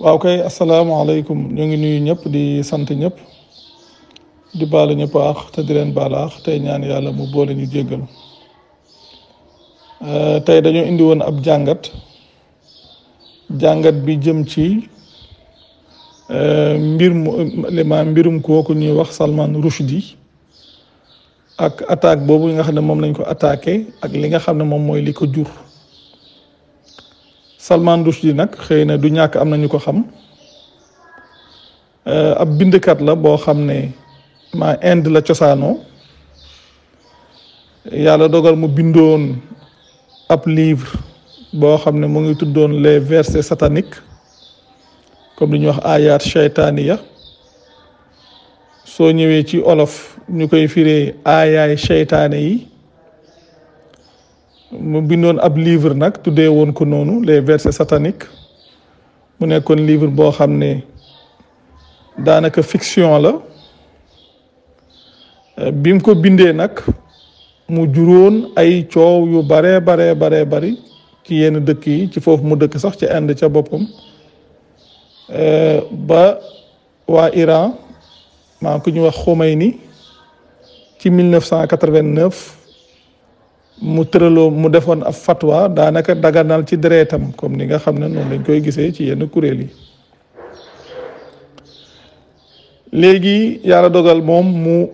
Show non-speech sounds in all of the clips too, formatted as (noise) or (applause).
waaw kay asalaamaaleykum ñu ngi nuyu ñëpp di sant ñëpp di baalu ñëpp ax te di leen baal tey ñaan yàlla mu boole ñu jéggal euh, tey dañoo indi woon ab jàngat jàngat bi jëm ci euh, mbir mu mbirum kooku ñuy wax Salman Rushdie ak attaque boobu nga xam ne moom lañ ko attaqué ak li nga xam ne moom mooy li ko jur. Salman Rushdie nag xëy na du ñàkk am na ñu ko xam euh, ab bindkat la boo xam ne ma Inde la cosaanoo yàlla dogal mu bindoon ab livre boo xam ne mu ngi tuddoon les versets sataniques comme li ñuy wax ayat ya soo ñëwee ci olof ñu koy firee aayaay shaytaane yi mu bindoon ab livre nag tuddee woon ko noonu les versets sataniques mu nekkoon livre boo xam ne daanaka fiction la euh, bim ko bindee nag mu juróon ay coow yu baree baree baree bari ci yenn dëkk yi ci foofu mu dëkk sax ci Inde ca boppam euh, ba waa Iran maa ku ñu wax Khomeini ci 1989. mu tëraloo mu defoon ab fatwa daanaka daganal ci dereetam comme ni nga xam ne noonu lañ koy gisee ci yenn kuréel yi léegi yàlla dogal moom mu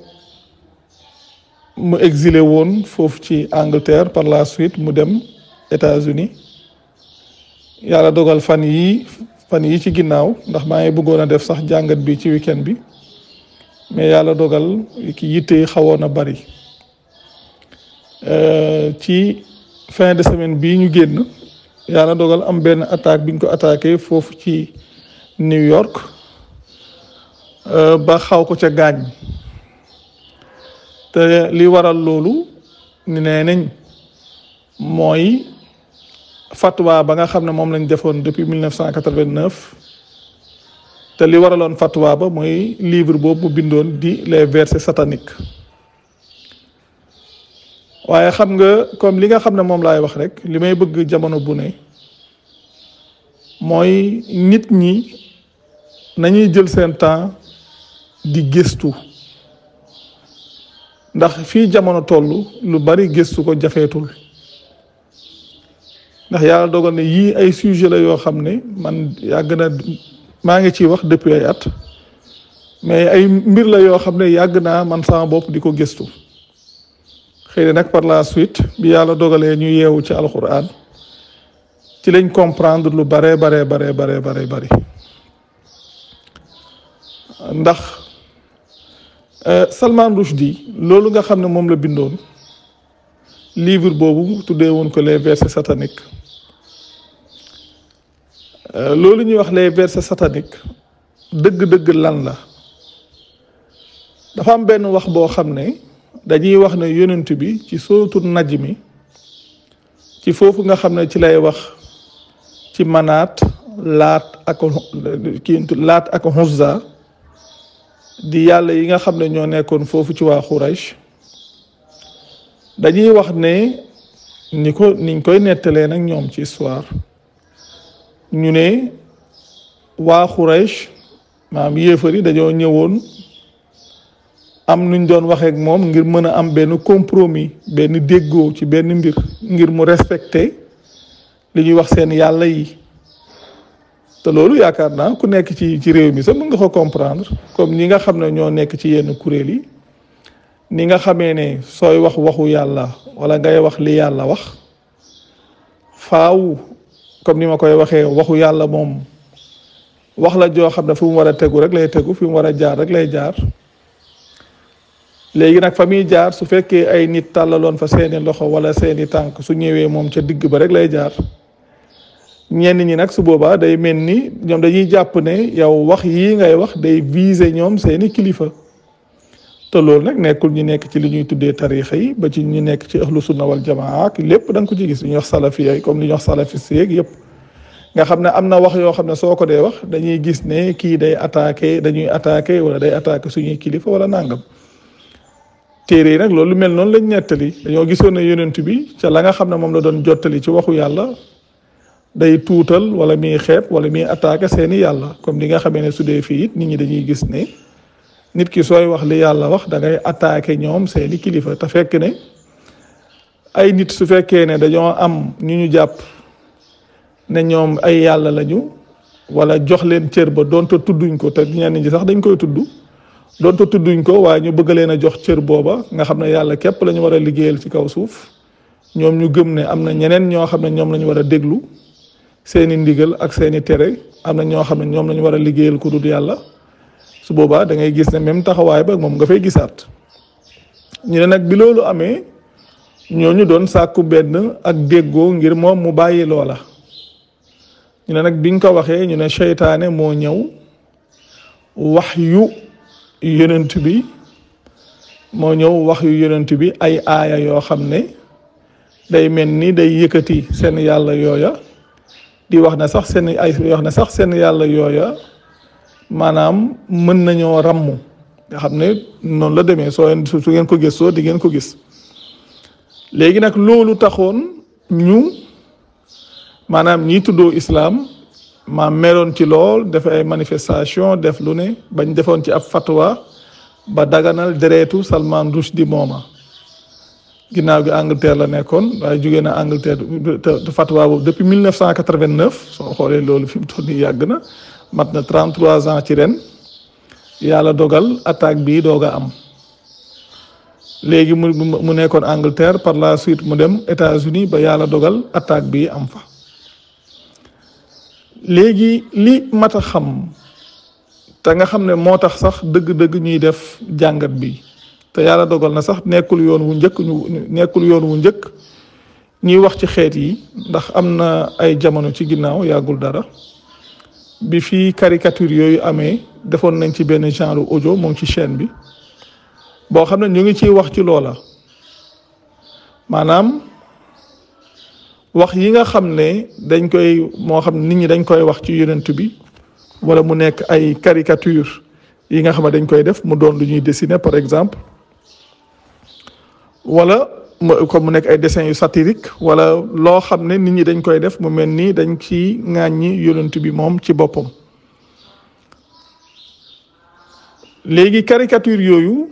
mu exilé woon foofu ci Angleterre par la suite mu dem États-Unis yàlla dogal fan yi fan yi ci ginnaaw ndax maa ngi bëggoon a def sax jàngat bi ci weekend bi mais yàlla dogal ki yitte xawoon a bari Euh, ci fin de semaine bii ñu génn yàlla dogal am benn attaque bi ñu ko attaqué foofu ci New York euh, ba xaw ko ca gaañ te li waral loolu ni nee nañ mooy fatwa ba nga xam ne moom lañ defoon depuis 1989 te li waraloon fatwa ba mooy livre boobu mu bindoon di les versets sataniques waaye xam nga comme li nga xam ne moom laay wax rek li may bëgg jamono bu ne mooy nit ñi nañuy jël seen temps di gëstu ndax fii jamono toll lu bari gëstu ko jafeetul ndax yàlla dogal ne yii ay sujet la yoo xam ne man yàgg na maa ngi ciy wax depuis at mais ay mbir la yoo xam ne yàgg naa man sama bopp di ko gëstu xëy na nag par la suite bi yàlla dogalee ñu yeewu ci alxuraan ci lañ comprendre lu bare bare bare bare bare bare ndax Salman rushdi loolu nga xam ne moom la bindoon livre boobu tuddee woon ko les versets sataniques loolu ñuy wax les versets sataniques dëgg-dëgg lan la dafa am benn wax boo xam ne dañuy wax ne yonent bi ci sootu najj mi ci foofu nga xam ne ci lay wax ci manaat laat ak kiintu di yàlla yi nga xam ne ñoo nekkoon foofu ci waa Xuraysh dañuy wax ne ni ko niñ koy nettalee nag ñoom ci histoire ñu ne waa Xuraysh maam yéefar yi dañoo ñëwoon am nuñ doon waxeek moom ngir mën a am benn compromis benn déggoo ci benn mbir ngir mu respecter li ñuy wax seen yàlla yi te loolu yaakaar naa ku nekk ci ci réew mi sax mën nga ko comprendre comme ni nga xam ne ñoo nekk ci yenn kuréel yi ni nga xamee ne sooy wax waxu yàlla wala ngay wax li yàlla wax faaw comme ni ma koy waxee waxu yàlla moom wax la joo xam ne fu war a tegu rek lay tegu fi mu war a jaar rek lay jaar. léegi nag fa jaar su fekkee ay nit tàllaloon fa seeni loxo wala seeni tànk su ñëwee moom ca digg ba rek lay jaar ñenn ñi nag su boobaa day mel ni ñoom dañuy jàpp ne yow wax yii ngay wax day viser ñoom seeni kilifa te loolu nag nekkul ñu nekk ci li ñuy tuddee tarixa yi ba ci ñu nekk ci ahlu sunna wal jamaa ak lépp da ko ci gis li ñuy wax salafiya comme li ñu wax salafiste yeeg yëpp nga xam ne am na wax yoo xam ne soo ko dee wax dañuy gis ne kii day attaqué dañuy attaqué wala day attaqué suñuy kilifa wala nangam téere yi nag loolu mel noonu lañ nettali dañoo gisoon ne yonent bi ca la nga xam ne moom la doon jottali ci waxu yàlla day tuutal wala mii xeeb wala muy attaqué seeni yàlla comme li nga xamee ne su dee fii it nit ñi dañuy gis ne nit ki sooy wax li yàlla wax dangay ngay attaqué ñoom seeni kilifa te fekk ne ay nit su fekkee ne dañoo am ñu ñu jàpp ne ñoom ay yàlla lañu wala jox leen cër ba doonte tudduñ ko te ñenn ñi sax dañ koy tudd. doonte tudduñ ko waaye ñu bëgg leen a jox cër booba nga xam ne yàlla képp lañu ñu war a liggéeyal ci kaw suuf ñoom ñu gëm ne am na ñeneen ñoo xam ne ñoom lañu ñu war a déglu seeni ndigal ak seeni tere am na ñoo xam ne ñoom lañu ñu war a liggéeyal ku dul yàlla su boobaa dangay gis ne même taxawaay ba moom nga fay gisaat ñu ne nag bi loolu amee ñoo ñu doon sàkku benn ak déggoo ngir moom mu bàyyi loola ñu ne nag biñ ko waxee ñu ne seytaane moo ñëw wax yu yonent bi moo ñëw wax yu yonent bi ay aaya yoo xam ne day mel nii day yëkkati seen yàlla yooya di wax na sax seen ay wax ne sax seen yàlla yooya maanaam mën nañoo ràmm nga xam ne noonu la demee soo su ngeen ko gis soo di ngeen ko gis léegi nag loolu taxoon ñu maanaam ñi tuddoo islaam ma meloon ci lool def ay manifestation def lu ne bañ defoon ci ab fatwa ba daganal dereetu Salman Rushdie mooma ginnaaw gi Angleterre la nekkoon waaye jóge na Angleterre te fatwa boobu depuis 1989 soo xoolee loolu fi mu toll nii yàgg na mat na 33 ans ci ren yàlla dogal attaque bi doog a am léegi mu nekkoon Angleterre par la suite mu dem États-Unis ba yàlla dogal attaque bii am fa. léegi li mat a xam te nga xam ne moo tax sax dëgg-dëgg ñuy def jàngat bi te yàlla dogal na sax nekkul yoon wu njëkk ñu nekkul yoon wu njëkk ñuy wax ci xeet yi ndax am na ay jamono ci ginnaaw yàggul dara bi fii caricature yooyu amee defoon nañ ci benn genre audio moom ci chaîne bi boo xam ne ñu ngi ciy wax ci loola maanaam wax yi nga xam ne dañ koy moo xam nit ñi dañ koy wax ci yonent bi wala mu nekk ay caricature yi nga xam ne dañ koy def mu doon lu ñuy dessiner par exemple wala comme mu nekk ay dessin yu satirique wala loo xam ne nit ñi dañ koy def mu mel nii dañ ci ŋàññi yonent bi moom ci boppam léegi caricature yooyu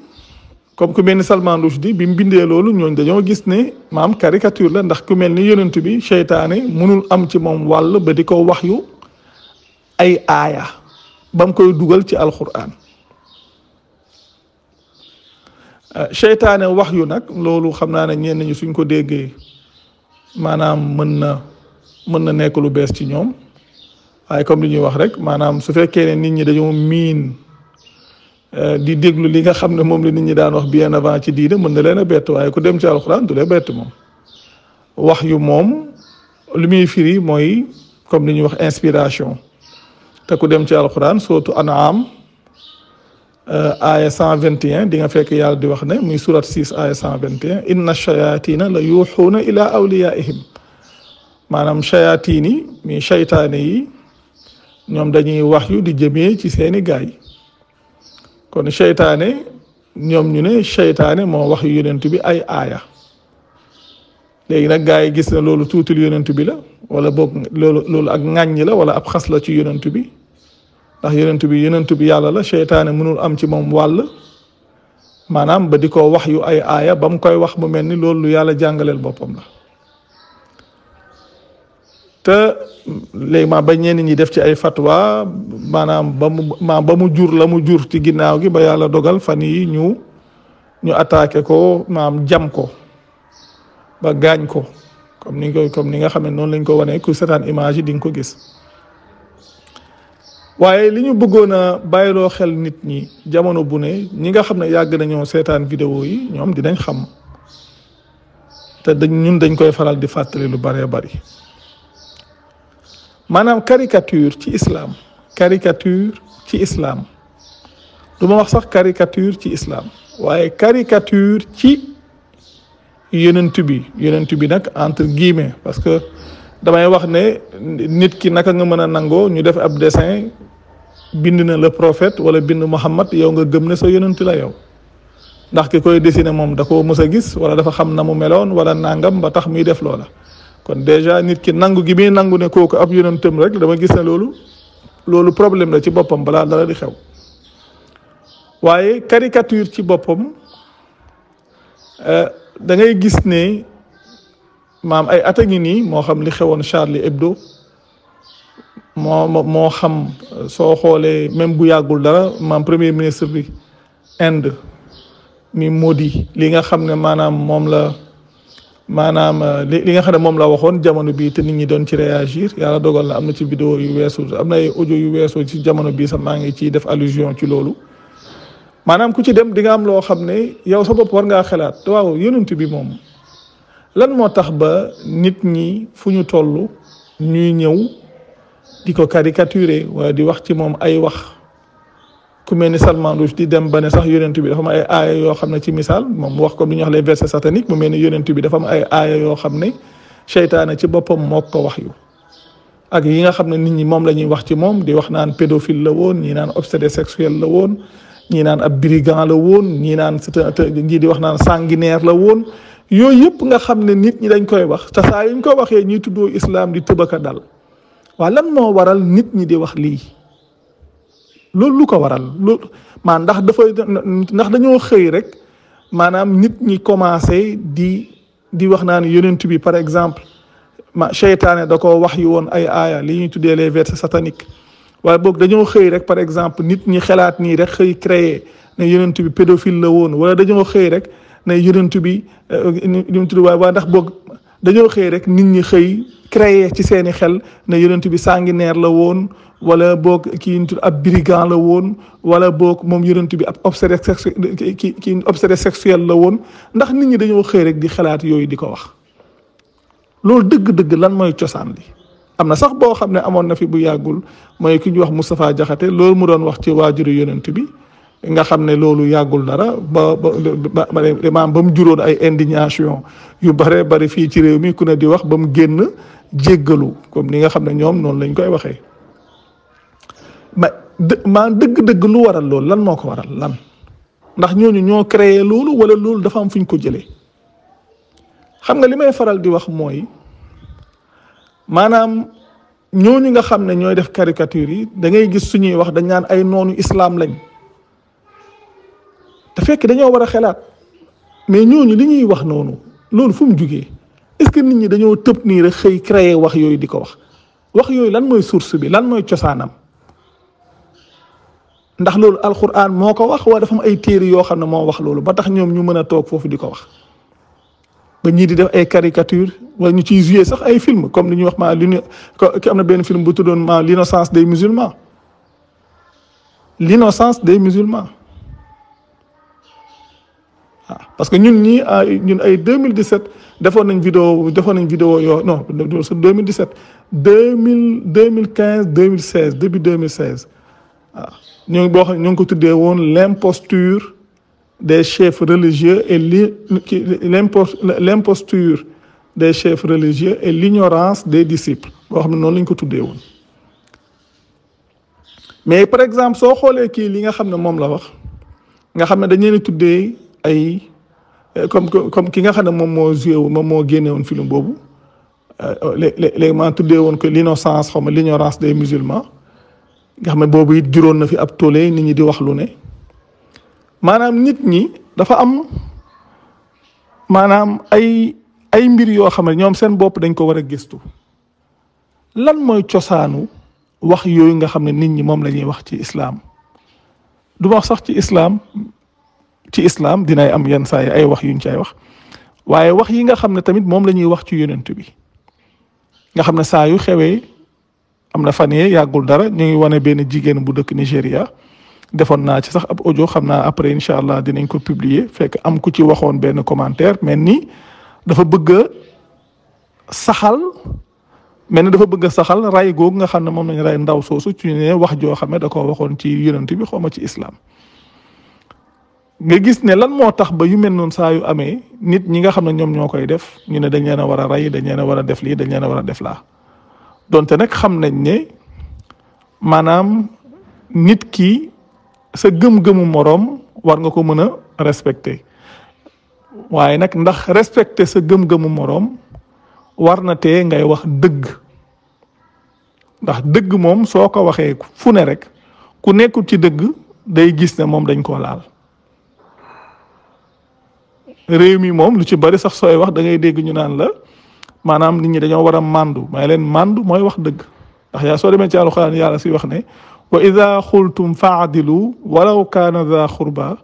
comme ku melni Salman Rushdie di bim bindé lolou ñooñ dañoo gis ne maam caricature la ndax ku melni yonent bi shaytané mënul am ci mom wàll ba diko wax yu ay aya bam koy duggal ci alquran shaytané wax yu nak lolou xamna na ñen ñu suñ ko déggé manam mën na mën na nekk lu bees ci ñoom ay comme li ñuy wax rek manam su fekkee ne nit ñi dañoo miin di déglu li nga xamne mom la nit ñi daan wax bien avant ci diine mën na leena bet waye ku dem ci alcorane du le bet mom wax yu mom lu muy firi moy comme li ñuy wax inspiration te ku dem ci alcorane sotu an'am aya 121 di nga fekk yàlla di wax ne muy surat 6 aya 121 inna shayatin la yuhuna ila awliyaihim manam shayatin mi shaytani ñom dañuy wax yu di jëme ci seeni gaay kon seytaane ñoom ñu ne seytaane moo wax yonent bi ay aaya léegi nag gaa yi gis na loolu tuutil yonent bi la wala boog loolu loolu ak ŋàññi la wala ab xas la ci yonent bi ndax yonent bi yonent bi yàlla la seytaane mënul am ci moom wàll maanaam ba di ko wax yu ay aaya ba mu koy wax mu mel ni loolu lu yàlla jàngaleel boppam la te léegi maa ba ñenn ñi def ci ay fatwa maanaam ba mu maa ba mu jur la mu jur ci ginnaaw gi ba yàlla dogal fan yi ñu ñu attaqué ko maam jam ko ba gaañ ko comme ni koy comme ni nga xam ne noonu lañ ko wanee ku setaan image yi di nga ko gis waaye li ñu bëggoon a bàyyiloo xel nit ñi jamono bu ne ñi nga xam ne yàgg nañoo seetaan vidéo yi ñoom dinañ xam te dañ ñun dañ koy faral di fàttali lu bëree bari manam caricature ci islam caricature ci islam duma wax sax caricature ci islam waye caricature ci yonent bi yonent bi nak entre guillemets parce que damay wax ne nit ki naka nga meuna nango ñu def ab dessin bind na le prophète wala bind Muhammad yow nga gëm ne sa yonent la yow ndax ki koy dessiner mom da ko mësa gis wala dafa xam na meloon wala nangam ba tax muy def lola kon déjà nit ki nangu gi muy nangu ne kooku ab yonentam rek dama gis ne loolu loolu problème la ci boppam balaa dara di xew waaye caricature ci boppam euh, da ngay gis ne maam ay at ngi nii moo xam li xewoon Charlie Hebdo moo moo xam euh, soo xoolee même bu yàggul dara maam premier ministre bi Inde mi Modi li nga xam ne maanaam moom la. maanaam euh, li li nga xam ne moom la waxoon jamono bii te nit ñi doon ci réagir yàlla dogal na am na ci vidéo yu weesu am na ay audio yu weesu ci jamono bii sa maa ngi ciy def allusion ci loolu maanaam ku ci dem di nga am loo xam ne yow sa bopp war ngaa xalaat waaw yonent bi moom lan moo tax ba nit ñi fu ñu toll ñuy ñëw di ko caricaturer wala di wax ci moom ay wax. ku melni Salman Rouge di dem bané sax yonentou bi dafa am ay aya yo xamné ci misal mom wax ko li wax les versets sataniques mu melni yonentou bi dafa am ay aya yo xamné ne ci bopam moko wax yu ak yi nga xamné nit ñi mom lañuy wax ci mom di wax naan pédophile la woon ñi naan obsédé sexuel la woon ñi naan ab brigand la woon ñi naan ñi di wax naan sanguinaire la woon yoy yep nga xamné nit ñi dañ koy wax ta sa yuñ ko waxé ñi tuddo islam di tubaka dal wa lan mo waral nit ñi di wax li loolu lu ko waral loolu maa ndax dafa ndax dañoo xëy rek maanaam nit ñi commencé di di wax naa ne yonent bi par exemple ma seytaane da ko wax yu woon ay aaya li ñuy tuddee les versets sataniques waaye boog dañoo xëy rek par exemple nit ñi xalaat nii rek xëy créé ne yonent bi pédophile la woon wala dañoo xëy rek ne yonent bi ñu tudd waaye waaye ndax boog dañoo xëy rek nit ñi xëy créer ci seeni xel ne yonent bi sanguinaire la woon wala boog kii ñu ab brigand la woon wala boog moom yonent bi ab obsédé sexuel ki ki obsédé sexuel la woon ndax nit ñi dañoo xëy rek di xalaat yooyu di ko wax loolu dëgg-dëgg lan mooy cosaan li am na sax boo xam ne amoon na fi bu yàggul mooy ki ñu wax Moustapha Jaxate loolu mu doon wax ci waajuru yonent bi nga xam ne loolu yàggul dara ba ba maanaam ba juróon ay indignation yu bare bari fii ci réew mi ku ne di wax ba mu génn jéggalu comme ni nga xam ne ñoom noonu lañ koy waxee ma maa dëgg-dëgg lu waral loolu lan moo ko waral lan ndax ñooñu ñoo créer loolu wala loolu dafa am fu ko jëlee xam nga li may faral di wax mooy maanaam ñooñu nga xam ne ñooy def caricature yi da ngay gis suñuy wax dañ naan ay noonu islam lañ te fekk dañoo war a xelaat mais ñooñu li ñuy wax noonu loolu fu mu jugee est ce que nit ñi dañoo tëb nii rek xëy créer wax yooyu di ko wax wax yooyu lan mooy source bi lan mooy cosaanam ndax lool alquran moko wax wa dafa am ay téré yo xam mo wax lool ba tax ñom ñu mëna tok fofu diko wax ba ñi di def ay caricature wa ñu ci jouer sax ay film comme li ñu wax ma li ki amna ben film bu tudon ma l'innocence des musulmans l'innocence des musulmans Ah. parce que ñun ñii ah, ñun ay 2017 defoon nañ vidéo defoon nañ vidéo yoo non 2017 2000 2015 2016 début 2016 waaw ah. ñu ngi boo xam ñu ngi ko tuddee woon l'imposture des chefs religieux et l'imposture des chefs religieux et l'ignorance des disciples boo xam ne noonu lañ ko tuddee woon mais par exemple soo xoolee kii li nga xam ne moom la wax nga xam ne dañu leen tuddee. ay eh, comme comme ki nga xam ne moom moo joué woon moom moo génne woon film boobu euh, léegi maa tuddee woon que l'innocence xaw ma l'ignorance des musulmans nga xam ne boobu it juróon na fi ab tollé nit ñi di wax lu ne maanaam nit ñi dafa am maanaam ay ay mbir yoo xam ne ñoom seen bopp dañ ko war a gëstu lan mooy cosaanu wax yooyu nga xam ne nit ñi moom la ñuy wax ci islaam du ma sax ci islaam ci islam dinay am yenn saay ay wax yuñ cay wax waaye wax yi nga xam ne tamit moom la ñuy wax ci yonent bi nga xam ne saa yu xewee am na fan yee yàggul dara ñu ngi wane benn jigéen bu dëkk Nigéria defoon naa ci sax ab audio xam naa après incha allah dinañ ko publier fekk am ku ci waxoon benn commentaire mel ni dafa bëgg a saxal mel ni dafa bëgg saxal ray googu nga xam ne moom lañ ray ndaw soosu ci ne wax joo xam ne waxoon ci yonent bi xawma ci islam. nga gis ne lan moo tax ba yu mel noonu saa yu amee nit ñi nga xam ne ñoom ñoo koy def ñu ne dañ leen a war a rey dañ leen a war a def lii dañ leen a war a def laa donte nag xam nañ ne maanaam nit ki sa gëm-gëmu moroom war nga ko mën a respecter waaye nag ndax respecter sa gëm-gëmu moroom war na tee ngay wax dëgg ndax dëgg moom soo ko waxee fu ne rek ku nekkul ci dëgg day gis ne moom dañ koo laal. réew mi moom lu ci bari sax sooy wax dangay ngay dégg ñu naan la maanaam nit ñi dañoo war a màndu may leen màndu mooy wax dëgg ndax yaa soo demee ci alxuraan yàlla si wax ne wa ida xultum faadilu walaw kaana za xurba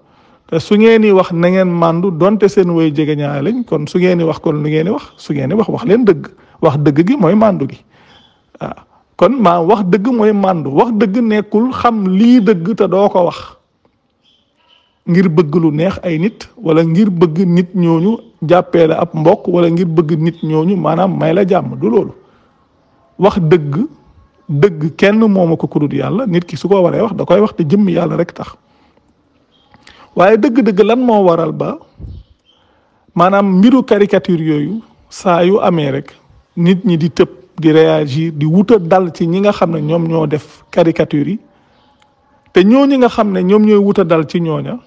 te su ngeen di wax na ngeen màndu donte seen woy jege ñaare lañ kon su ngeen di wax kon lu ngeen di wax su ngeen di wax wax leen dëgg wax dëgg gi mooy màndu gi waaw kon maa wax dëgg mooy màndu wax dëgg nekkul xam lii dëgg te doo ko wax ngir bëgg lu neex ay nit wala ngir bëgg nit ñooñu jàppee la ab mbokk wala ngir bëgg nit ñooñu maanaam may la jàmm du loolu wax dëgg dëgg kenn mooma ko kudut yàlla nit ki su ko waree wax da koy wax te jëmm yàlla rek tax waaye dëgg-dëgg lan moo waral ba maanaam mbiru caricature yooyu saa yu amee rek nit ñi di tëb di réagir di wuta dal ci ñi nga xam ne ñoom def caricature yi te ñoo ñi nga xam ne ñoom ñooy wuta dal ci ñooña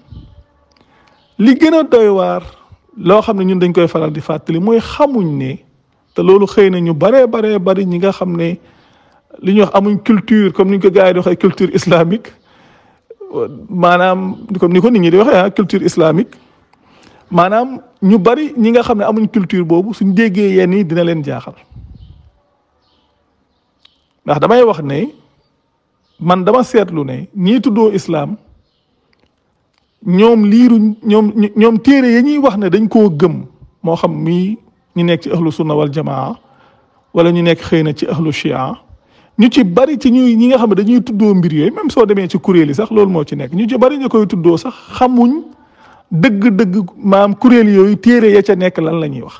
li gën a doy waar loo xam ne ñun dañ koy faral di fàttali mooy xamuñ ne te loolu xëy na ñu baree baree bari ñi nga xam ne li ñu wax amuñ culture comme ni ñu ko gars yi di waxee culture islamique maanaam comme ni ko di waxee ah culture islamique maanaam ñu bari ñi nga xam ne amuñ culture boobu suñ déggee yenn yi dina leen jaaxal ndax damay wax ne. man dama seetlu ne ñii tuddoo islaam ñoom liiru ñoom ñoom téere ya ñuy wax ne dañ koo gëm moo xam mii ñu nekk ci ahlu sunna wal jamaa wala ñu nekk xëy na ci ahlu chia ñu ci bari ci ñuy ñi nga xam ne dañuy tuddoo mbir yooyu même soo demee ci kuréel yi sax loolu moo ci nekk ñu ci bari ñu koy tuddoo sax xamuñ dëgg-dëgg maam kuréel yooyu téere ya ca nekk lan la ñuy wax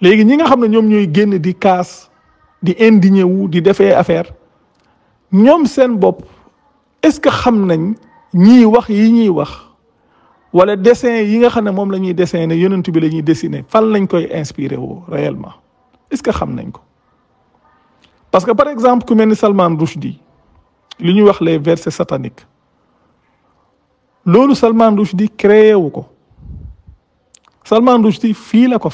léegi ñi nga xam ne ñoom ñooy génn di kaas di indigné wu di défé affaire est-ce que xam nañ ñi wax yi ñi wax wala dessin yi nga xam bi lañ koy réellement est-ce que xam nañ parce que par exemple ku Salman Rushdie les versets sataniques Salman Rushdie créé wu Salman Rushdie la ko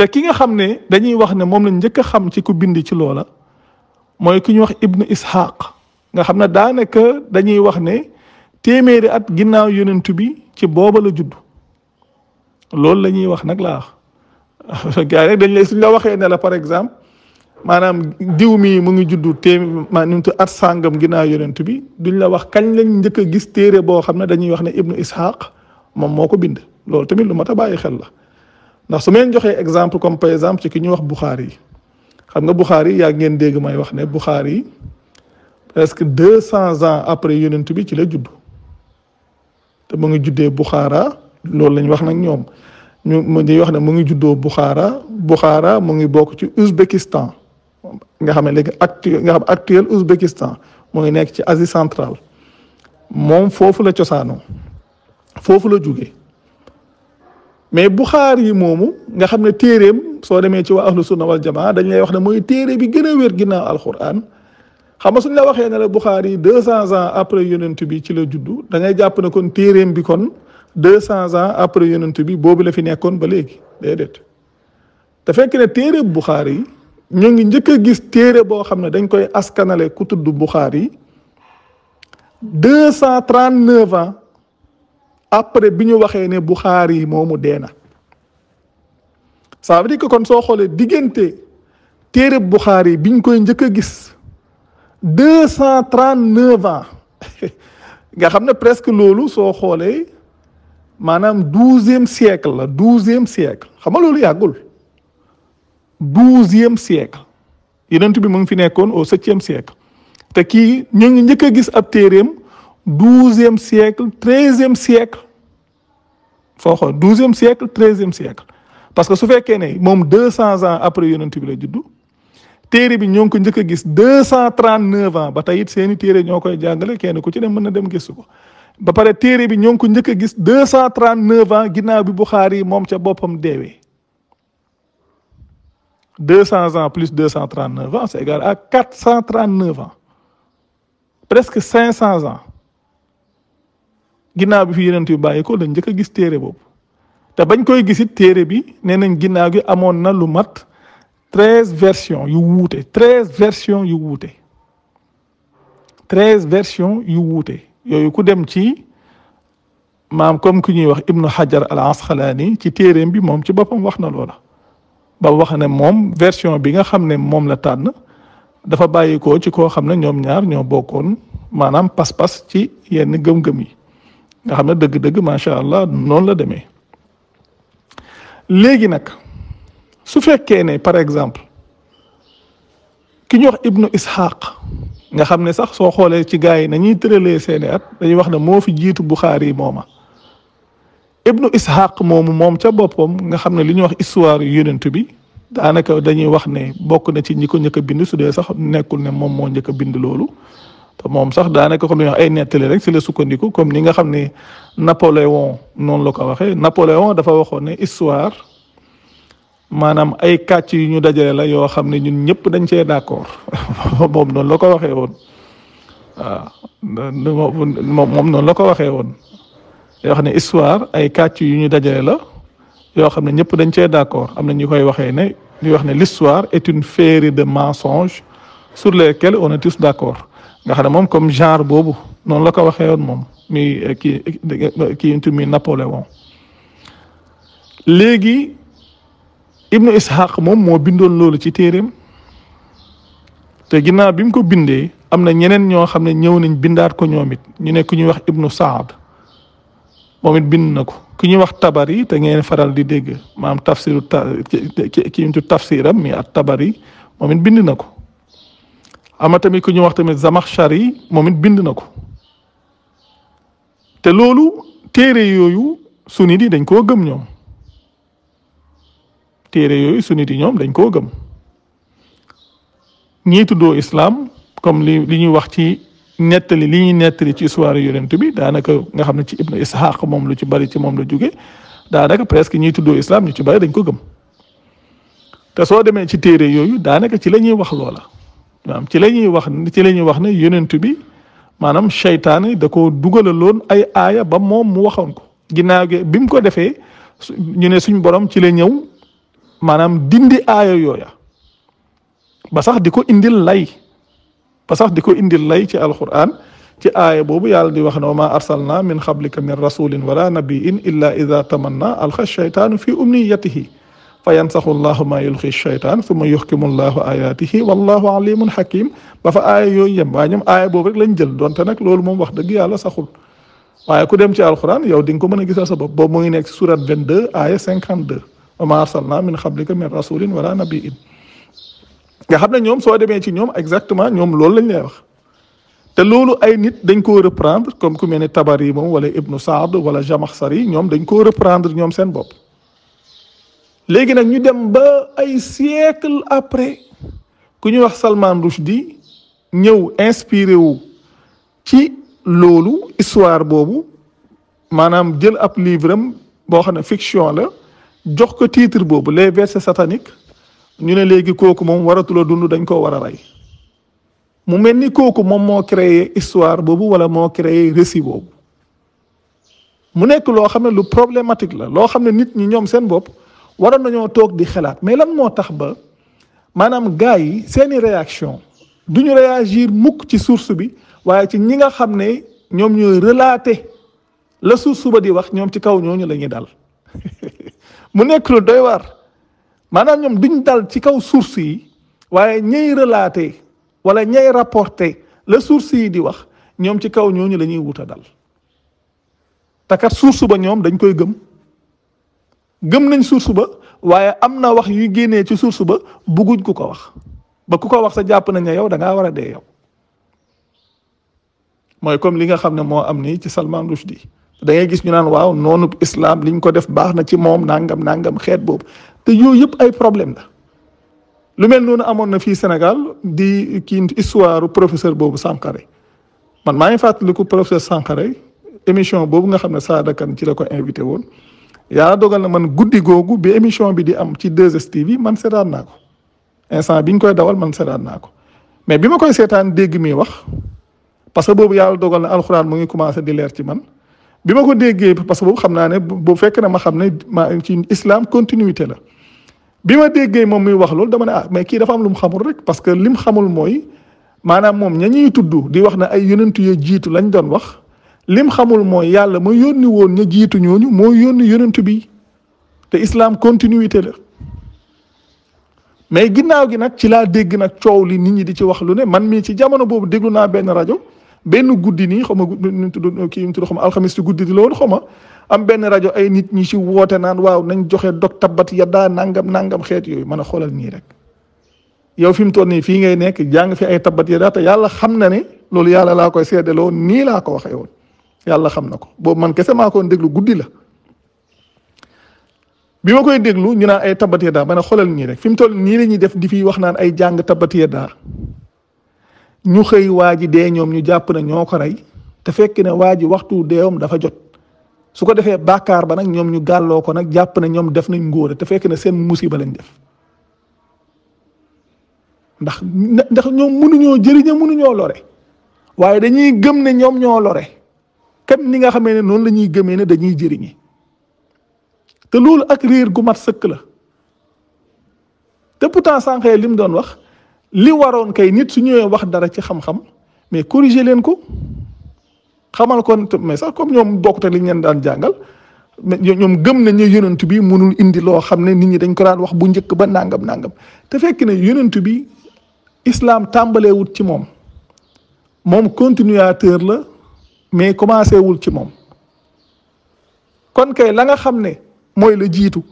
te ki nga xam ne dañuy wax ne moom lañ njëkk a xam ci ku bind ci loola mooy ki ñu wax ibnu ishaq nga xam ne daanaka dañuy wax ne téeméeri at ginnaaw yonent bi ci booba la judd loolu la ñuy wax nag laa wax (laughs) gars yi dañ lay suñ la waxee ne la par exemple maanaam diw mii mu ngi juddu téem maanaam at sàngam ginnaaw yonent bi duñ la wax kañ lañ njëkk a gis téere boo xam ne dañuy wax ne ibnu ishaq moom moo ko bind loolu tamit lu mat a bàyyi xel la ndax su ma leen joxee exemple comme par exemple ci ki ñu wax Buxaari yi xam nga Buxaari yi yaa ngeen dégg may wax ne Buxaari yi presque deux cents ans après yonent bi ci la judd te mu ngi juddee Buxaara loolu lañ wax nag ñoom ñu mu ñuy wax ne mu ngi juddoo Buxaara Buxaara mu ngi bokk ci Ouzbékistan nga xam ne léegi actu nga xam actuel Ouzbékistan mu ngi nekk ci Asie centrale moom foofu la cosaanoo foofu la jóge mais Buxaari yi moomu nga xam ne téereem soo demee ci waa ahlu sunna wal jamaa dañ lay wax ne mooy téere bi gën a wér ginnaaw alquran xam nga suñ la waxee ne la Buxaari yi deux cent ans après yonent bi ci la juddu da ngay jàpp ne kon téereem bi kon deux cent ans après yonent bi boobu la fi nekkoon ba léegi déedéet fekk ne téere Buxaari yi ñoo ngi njëkk a gis téere boo xam ne dañ koy askanale ku tudd Buxaari yi deux cent trente neuf ans après bi ñu waxee ne Buxaari moomu dee na ça veut kon soo xoolee diggante téereb Buxaari bi ñu koy njëkk a gis deux cent trente neuf ans (laughs) nga xam ne presque loolu soo xoolee maanaam douzième siècle la douzième siècle xam nga loolu yàggul douzième siècle yenent bi mu ngi fi nekkoon au septième siècle te kii ñu ngi njëkk a gis ab téereem 12e siècle, 13e siècle. 12e siècle 13e siècle parce que si fekkee ne 200 ans après début bi la juddu bi ñoo ko gis 239 ans ba tey it seen i téere ñoo kenn ku ci dem mëna dem gis ko ba paré téré bi gis 239 ans bi ca 200 ans plus 239 ans c'est égal à 439 ans presque 500 ans. ginaaw bi fi yonent bi bàyyi ko lañ njëkk a gis téere boobu te bañ koy gisit téere bi nee nañ ginnaaw gi amoon na lu mat treize versions yu wuute treize versions yu wuute treize versions yu wuute yooyu ku dem ci maam comme ku ñuy wax ibnu hajar al asqalaani ci téereem bi moom ci boppam wax na loola ba wax ne moom version bi nga xam ne moom la tànn dafa bàyyi ko ci koo xam ne ñoom ñaar ñoo bokkoon maanaam pas-pas ci yenn gëm-gëm yi nga xam ne dëgg-dëgg macha allah noonu la demee léegi nag su fekkee ne par exemple ki ñu wax ibnu ishaq nga xam ne sax soo xoolee ci gars yi nañuy tëralee seeni at dañuy wax ne moo fi jiitu buxaari yi mooma ibnu ishaq moomu moom ca boppam nga xam ne li ñuy wax histoire yu yonent bi daanaka dañuy wax ne bokk na ci ñi ko njëkk bind su dee sax nekkul ne moom moo njëkk a bind loolu mom sax daanaka ko lu ay netale rek ci le sukkandiku comme ni nga xamni ni Napoléon noonu la ko waxe Napoléon dafa waxoon ne histoire manam ay katch yu ñu dajale la yo xamni ñun ñepp dañ cee d'accord (laughs) moom non la ko waxe won ah mom non la ko waxe won yo xamni histoire ay katch yu ñu dajale la yo xamni ñepp dañ cee d'accord amna ñi koy waxe ne ñuy wax ne l'histoire est une féerie de mensonges sur lesquels on est tous d'accord nga xam ne moom comme genre boobu noonu la ko waxee yoon moom mi ki ki ntu mi Napoléon léegi ibnu ishaq moom moo bindoon loolu ci téeréem te ginnaaw bi mu ko bindee am na ñeneen ñoo xam ne ñëw nañ bindaat ko ñoom it ñu ne ku ñuy wax ibnu saad moom it bind na ko ku ñuy wax tabari te ngeen faral di dégg maam tafsiru ta ki ki tafsiram mi at tabari moom it bind na ko ama tamit ku ñu wax tamit Zamakhshari moom it bind na ko te loolu téere yooyu sunni di dañ koo gëm ñoom téere yooyu sunni di ñoom dañ koo gëm ñii tuddoo islam comme li li ñuy wax ci nettali li ñuy nettali ci histoire yonent bi daanaka nga xam ne ci ibnu ishaq moom lu ci bari ci moom la jóge daanaka presque ñiy doo islam ñu ci bari dañ ko gëm te soo demee ci téere yooyu daanaka ci la ñuy wax loola maanaam ci la ñuy wax ci la ñuy wax ne yonent bi maanaam seytaane da ko dugalaloon ay aaya ba moom mu waxoon ko ginnaaw gi bi mu ko defee ñu ne suñ borom ci la ñëw maanaam dindi aaya yooya ba sax di ko indil lay ba sax di ko indil lay ci alquran ci aaya boobu yàlla di wax ne wa ma arsalna min qablika min rasulin wala nabiin illa ida tamanna alxa sheytaanu fi umniyatihi fayansaxu llahu ma yulqi shaytaan summa yuhkimu llahu ayatihi wallahu alimun hakim ba fa aaya yooyu yem waaye ñoom aaya boobu rek lañ jël donte nag loolu moom wax dëgg yàlla saxul waaye ku dem ci alquran yow di nga ko mën a gisal sa bopp boobu mu ngi nekk si surat 22 aaya 52 wa ma arsalna min xablika min rasulin wala nabiin nga xam ne ñoom soo demee ci ñoom exactement ñoom loolu lañ lay wax te loolu ay nit dañ koo reprendre comme ku mel ne Tabari moom wala Ibnu Saad wala Jamaxsari ñoom dañ koo reprendre ñoom seen bopp léegi nak ñu dem ba ay siècle après ku ñu wax Salman Rushdie ñew inspiré wu ci lolu histoire bobu manam jël ab livre bo boo fiction la jox ko titre bobu les versets sataniques ñu ne léegi kooku moom waratula dund dañ ko wara a mu melni koku mom mo créer créé histoire bobu wala mo créé récit bobu mu nek lo xam lu problématique la lo xam nit ñi ñom seen bopp waroon nañoo toog di xalaat mais lan moo tax ba maanaam gars yi seeni réaction du ñu réagir mukk ci source bi waaye ci ñi nga xam ne ñoom ñooy relater la source ba di wax ñoom ci kaw ñooñu la ñuy dal (laughs) mu nekk lu maanaam ñoom duñ dal ci kaw source yi waaye ñay relater wala ñay rapporter la source yi di wax ñoom ci kaw ñooñu la wut a dal takat source ba ñoom dañ koy gëm. gëm nañ source suba waaye am na wax yuy génnee ci source suba bugguñ ku ko wax ba ku ko wax sa jàpp nañ ne yow da ngaa war a dee yow mooy comme li nga xam ne moo am nii ci Salman Rushdie da ngay gis ñu naan waaw noonu islam liñ ko def baax na ci moom nangam nangam xeet boobu te yooyu yëpp ay problème la lu mel noonu amoon na fii Sénégal di kii histoire professeur boobu Sankharé man maa ngi ku professeur Sankharé émission boobu nga xam ne Sada ci la ko invité woon. yaa dogal na man guddi googu bi émission bi di am ci 2STV man seetaan naa ko instant biñ koy dawal man seetaan naa ko mais bi ma koy seetaan dégg mi wax parce que boobu yàlla dogal na alxuraan mu ngi commencé di ci man bi ma ko déggee parce que xam naa ne bu fekk na ma xam ne ma ci islam continuité la bi ma déggee moom muy wax loolu dama ne ah mais kii dafa am lu mu xamul rek parce que lim xamul mooy maanaam moom ña ñuy tudd di wax na ay yonentu yo jiitu lañ doon wax. lim xamul moy yàlla ma yoni won ña jitu ñooñu mo yoni yonent bi te islam continuité la mais ginnaw gi nak ci la deg nak ciow li nit ñi di ci wax lu ne man mi ci jamono bobu déglu na ben radio ben guddini nii xaw nu tudd kii nu tudd xaw ma alxamis ci guddi di la am ben radio ay nit ñi ci wote naan waaw nañ joxe dok tabbat ya da nangam nangam xet yoy mën xolal ni rek. yow fim mu fi ngay nek jàng fi ay tabbat ya da ta yàlla xam na ne lool yàlla la koy sédelo ni la ko waxe won yàlla xam na ko boobu man kese maa koon déglu guddi la bi ma koy déglu ñu naan ay tabbat yadaa ma ne xoolal ñii rek fi mu toll nii la def di fi wax naan ay jàng tabbat yadaa ñu xëy waa ji dee ñoom ñu jàpp na ñoo ko rey te fekk ne waa ji waxtu deewam dafa jot su ko defee bàkkaar ba nag ñoom ñu gàlloo ko nag jàpp na ñoom def nañ ngóore te fekk na seen musiba lañ def ndax ndax ñoom mënuñoo jëriñe mënuñoo lore waaye dañuy gëm ne ñoom ñoo lore comme ni nga xamee ne noonu la ñuy gëmee ne dañuy jëriñi te loolu ak réer gu mat sëkk la te pourtant sànqee li mu doon wax li waroon kay nit su ñëwee wax dara ci xam-xam mais corriger leen ko xamal ko mais sax comme ñoom bokkute li ñu leen daan jàngal mais ñoom gëm nañ ne yonent bi mënul indi loo xam ne nit ñi dañ ko daan wax bu njëkk ba nangam nangam te fekk na yonent bi islam tàmbaleewut ci moom moom continuateur la. mais commencé wul ci moom kon kay la nga xam ne mooy la jiitu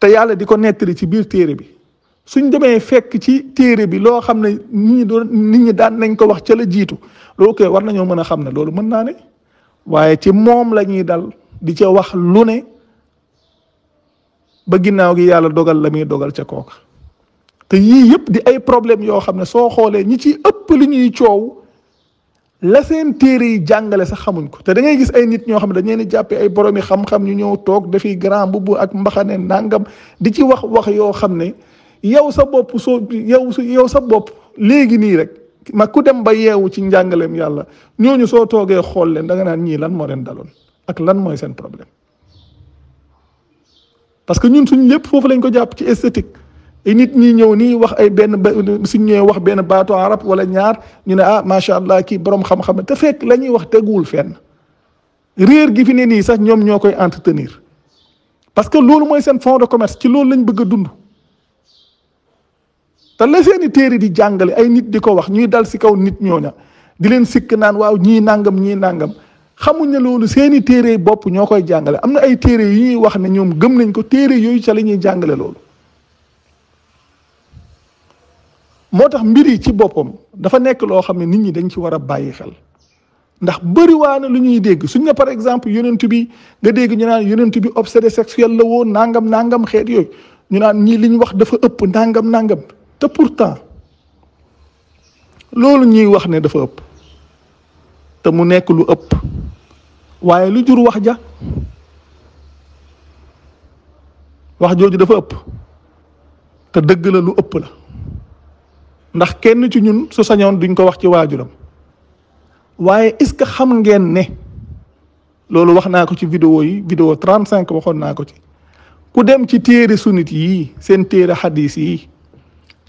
te yàlla di ko nettali ci biir téere bi suñ demee fekk ci téere bi loo xam ne nit ñi doon nit ñi daan nañ ko wax ca la jiitu loolu kay war nañoo mën a xam ne loolu mën naa ne waaye ci moom la ñuy dal di ca wax lu ne ba ginnaaw gi yàlla dogal la muy dogal ca kooka te yii yëpp di ay problème yoo xam ne soo xoolee ñi ci ëpp li ñuy coow. la seen téere yi jàngale sax xamuñ ko te da ngay gis ay nit ñoo xam ne dañu leen jàppee ay borom yi xam-xam ñu ñëw toog dafiy grand mbubb ak mbaxane nangam di ci wax wax yoo xam ne yow sa bopp soo yow yow sa bopp léegi nii rek ma ku dem ba yeewu ci njàngaleem yàlla ñooñu soo toogee xool leen da nga naan ñii lan moo leen daloon ak lan mooy seen problème parce que ñun suñ lépp foofu lañ ko jàpp ci esthétique. nit ñi ñëw nii wax ay benn ba suñ ñëwee wax benn baatu arab wala ñaar ñu ne ah macha allah kii borom xam-xam te fekk la ñuy wax teguwul fenn réer gi fi ne nii sax ñoom ñoo koy entretenir parce que loolu mooy seen fond de commerce ci loolu lañu bëgg a dund te la seeni téere di jàngale ay nit di ko wax ñuy dal si kaw nit ñooña di leen sikk naan waaw ñii nangam ñii nangam xamuñ ne loolu seeni téere bopp ñoo koy jàngale am na ay téere yu ñuy wax ne ñoom gëm nañ ko téere yooyu ca la ñuy jàngale loolu. motax miri ci boppam dafa nek lo xamne nit ñi dañ ci wara bayyi xel ndax bëri waana lu ñuy dégg suñ ne par exemple yonent bi nga dégg ñu naan yonent bi obsédé sexuel la woon nangam nangam xéet yooyu ñu naan ñii liñ wax dafa ëpp nangam nangam te pourtant loolu ñuy wax ne dafa ëpp te mu nekk lu ëpp waaye lu jur wax ja wax jooju dafa ëpp te dëgg la lu ëpp la ndax kenn ci ñun su sañoon duñ ko wax ci waajuram waaye est-ce que xam ngeen ne loolu wax naa ko ci video yi trent 35 waxoon naa ko ci ku dem ci téere sunit yi seen téere xadis yi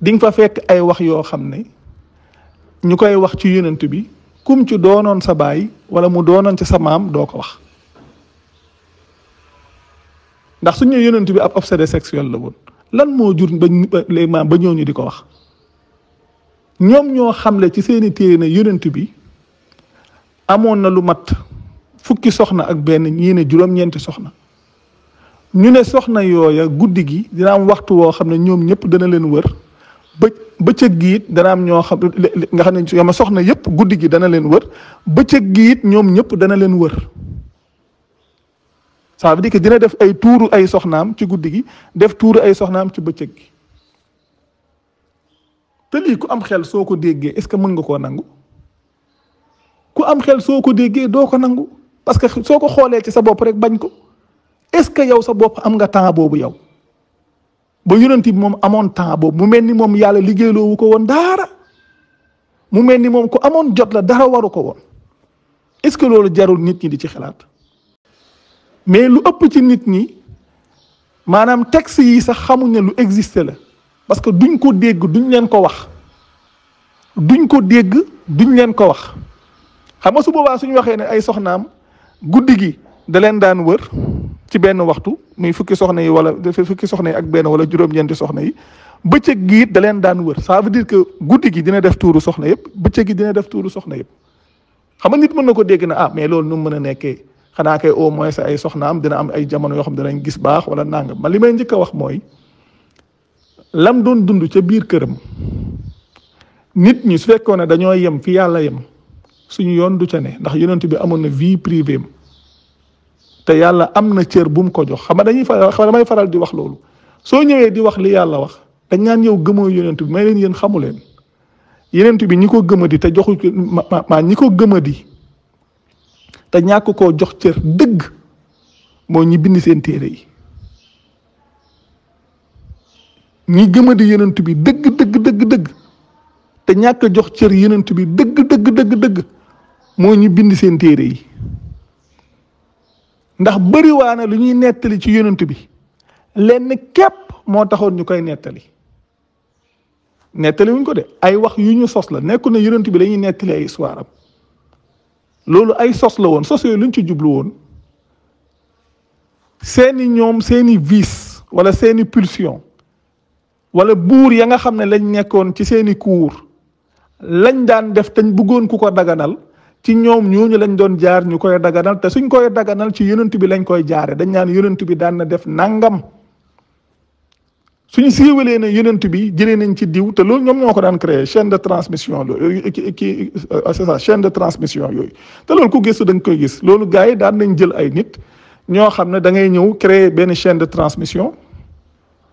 di nga fa fekk ay wax yoo xam ne ñu koy wax ci yonent bi kum ci doonoon sa baay wala mu doonoon ci sa maam doo ko wax ndax suñu yonent bi ab obsédé sexuel la woon lan moo jur ba les maam ba ñooñu di ko wax ñoom ñoo xamle ci seeni téere ne yonent bi amoon na lu mat fukki soxna ak benn ñii ne juróom-ñeenti soxna ñu ne soxna yooya guddi gi dina am waxtu woo xam ne ñoom ñëpp dana leen wër ba bëccëg gi it dana am ñoo xam nga xam soxna yëpp guddi gi dana leen wër bëccëg gi ñoom ñëpp dana leen wër saa veut dire que dina def ay tuuru ay soxnaam ci guddi gi def tuuru ay soxnaam ci bëccëg gi te lii ku am xel soo ko déggee est-ce que mën nga koo nangu ku am xel soo ko déggee doo ko nangu parce que soo ko xoolee ci sa bopp rek bañ ko est-ce que yow sa bopp am nga temps boobu yow ba yonent bi moom amoon temps boobu mu mel ni moom yàlla liggéeyloowu ko woon dara mu mel ni moom ku amoon jot la dara waru ko woon est-ce que loolu jarul nit ñi di ci xalaat mais lu ëpp ci nit ñi maanaam texte yi sax xamuñ lu existe la parce que duñ ko dégg duñ leen ko wax duñ ko dégg duñ leen ko wax xam nga su boobaa suñu waxee ne ay soxnaam guddi gi da leen daan wër ci benn waxtu muy fukki soxna yi wala fukki soxna ak benn wala juróom-ñeenti soxna yi bëccëg gi da leen daan wër ça veut dire que guddi gi dina def tuuru soxna yëpp bëccëg gi def tuuru soxna yëpp xam nga nit mën na ko dégg na ah mais lool nu mën a nekkee xanaa kay au moins ay soxnaam dina am ay jamono yoo xam dinañ gis baax wala nangam ma li njëkk a wax mooy. lam doon dund ca biir këram nit ñi su fekkoon ne dañoo yem fi yàlla yem suñu yoon du ca ne ndax yonent bi amoon na vie privée am te yàlla am na cër bu ko jox xam nga dañuy faral di wax loolu soo ñëwee di wax li yàlla wax dañ naan yow gëmoo yonent bi may leen yéen xamu leen yonent bi ñi ko gëmadi te joxu ma ma ñi ko gëmadi te ñàkk koo jox cër dëgg moo ñi bind seen téere yi. ñi gëmadi yenent bi dëgg dëgg dëgg dëgg te ñàkk jox cër yenent bi dëgg dëgg dëgg moo ñu bind seen téere yi ndax bari waa na lu ñuy nettali ci yenent bi lenn képp moo taxoon ñu koy nettali nettali wuñ ko de ay wax yu ñu sos la nekku na yenent bi lañuy nettali ay histoire am loolu ay sos la woon sos yooyu luñ ci jublu woon seeni ñoom seeni vice wala seeni pulsion wala buur ya nga xam ne lañ nekkoon ci seeni kuur lañ daan def tañ bëggoon ku ko daganal ci ñoom ñooñu lañ doon jaar ñu koy daganal te suñ koy daganal ci yonent bi lañ koy jaare dañ naan yonent bi daan na def nangam suñu siiwalee ne yonent bi jëlee nañ ci diw te loolu ñoom ñoo ko daan créer chaîne de transmission loolu euh, ki euh, c'est de transmission yooyu te loolu ku gëstu da nga koy gis loolu gars yi daan nañ jël ay nit ñoo xam ne da ngay ñëw créer benn chaîne de transmission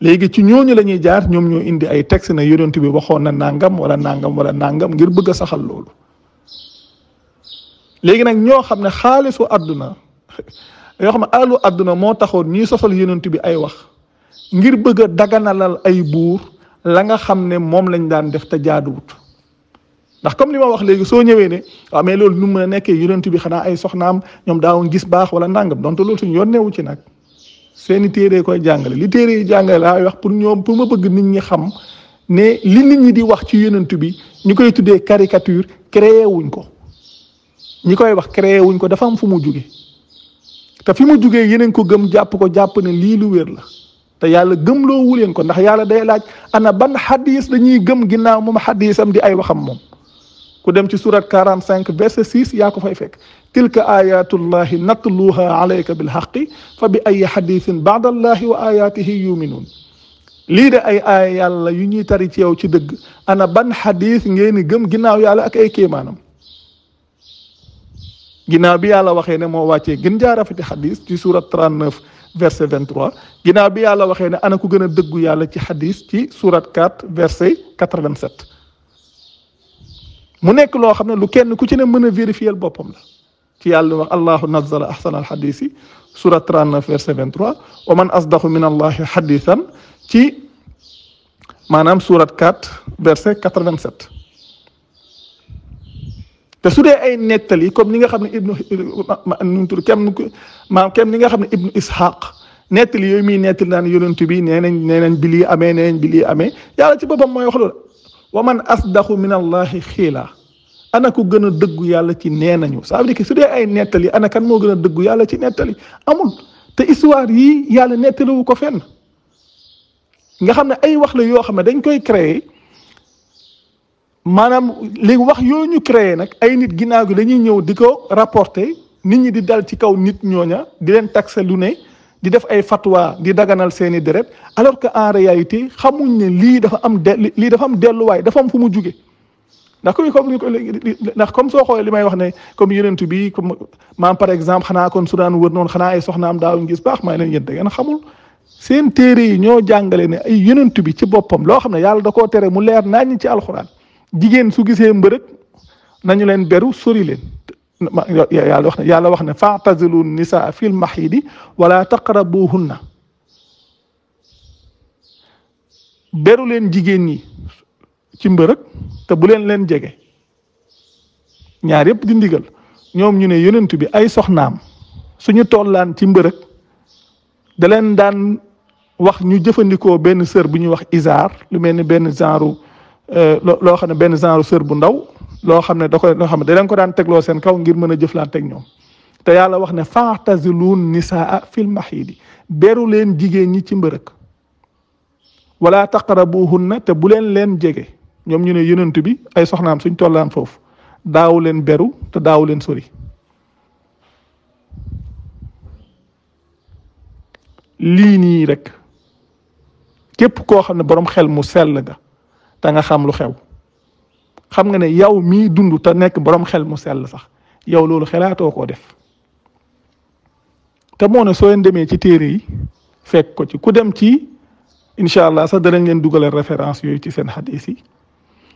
léegi ci ñooñu la ñuy jaar ñoom ñoo indi ay texte na yonent bi waxoon na nangam wala nangam wala nangam ngir bëgg a saxal loolu léegi nag ñoo xam ne xaalisu àdduna yoo xam ne àllu àdduna moo taxoon ñuy sosal yonent bi ay wax ngir bëgg a daganalal ay buur la nga xam ne moom lañ daan def te jaaduwut ndax comme li ma wax léegi soo ñëwee ne waaw mais loolu nu mu mën a nekkee bi xanaa ay soxnaam ñoom daawoon gis baax wala nangam donte loolu suñu yoon newu ci nag. seeni téere koy jàngale li téere yi jàngale laay wax pour ñoom pour ma bëgg nit ñi xam ne li nit ñi di wax ci yonent bi ñu koy tuddee caricature créé wuñ ko ñi koy wax créé wuñ ko dafa am fu mu jóge te fi mu jógee yeneen ko gëm jàpp ko jàpp ne lii lu wér la te yàlla gëm gëmloo wuleen ko ndax yàlla day laaj ana ban xadis dañuy gëm ginnaaw moom xadisam di ay waxam moom ku dem ci surat 45 verset 6 ya ko fay fek tilka ayatullahi natluha alayka bil haqqi fa bi ayi hadithin ba'da allahi wa ayatihi yu'minun li de ay aaya yàlla yu ñuy tari ci yow ci deug ana ban hadith ngeen gëm ginaaw yàlla ak ay kemanam ginaaw bi yàlla waxe ne mo wacce gën jaa rafeti xadis ci surat 39 verset 23 ginaaw bi yàlla waxe ne ana ku gëna dëggu yàlla ci hadith ci surat 4 verset 87 mu nekk loo xam ne lu kenn ku ci ne mën a vérifier boppam la ci yàlla wax allahu nazzala ahsan al hadisi sura 39 verset 23 wa man asdaqu min allahi hadithan ci maanaam surat 4 verset 87 te su dee ay nettali comme ni nga xam ne ibnu nu tur kem maam kem ni nga xam ne ibnu ishaq nettali yooyu muy nettali naan yonent bi nee nañ nee nañ bi lii amee nee nañ bi lii amee yàlla ci boppam mooy wax loolu wa man asdaqu min allahi xiila ana ku gën a dëggu yàlla ci nee nañu ça veut dire su dee ay nettali ana kan moo gën a dëggu yàlla ci nettali amul te histoire yii yàlla nettaliwu ko fenn nga xam ne ay wax la yoo xam ne dañ koy créer maanaam léegi wax yoo ñu créer nag ay nit ginnaaw gi dañuy ñëw di ko rapporter nit ñi di dal ci kaw nit ñooña di leen taxe lu ne. di def ay fatwa di daganal seeni deret alors que en réalité xamuñ ne li dafa am li dafa am delu way dafa am fu mu jugee ndax comme comme ndax comme so xoy limay wax ne comme yenentu bi comme man par exemple xana kon su daan wër noonu xanaa ay soxnaam daaw ngiss bax may len yent da xamul seen téré yi ñoo jàngale ne ay yenentu bi ci boppam loo xam ne yàlla da koo tere mu leer naa ci alxuraan jigéen su gisee mbërëg nañu leen beru sori leen yàlla wax ne yàlla wax ne faatazilu nisaa fil maxiidi wala taqrabuhunna beru leen jigéen ñi ci mbërëg te bu leen leen jege ñaar yëpp di ndigal ñoom ñu ne yonent bi ay soxnaam suñu tollaan ci mbërëg daleen daan wax ñu jëfandikoo benn sër bu ñuy wax isaar lu mel ni benn genre euh, loo xam ne benn genre sër bu ndaw loo xam ne da koy loo xam ne da ko daan tegloo seen kaw ngir mën a jëflante teg ñoom te yàlla wax ne faataziluun nisaa fil maxiidi beru leen jigéen ñi ci mbërëk wala taqrabuhunna te bu leen leen jege ñoom ñu ne yonent bi ay soxnaam suñ tollaan foofu daaw leen beru te daaw leen sori lii nii rek képp koo xam ne boroom xel mu sell nga te nga xam lu xew xam nga ne yow mi dund te nekk borom xel mu sell sax yow loolu xelaatoo ko def te moo ne soo leen demee ci téere yi fekk ko ci ku dem ci incha allah sax danañ leen dugalal référence yooyu ci seen xadis yi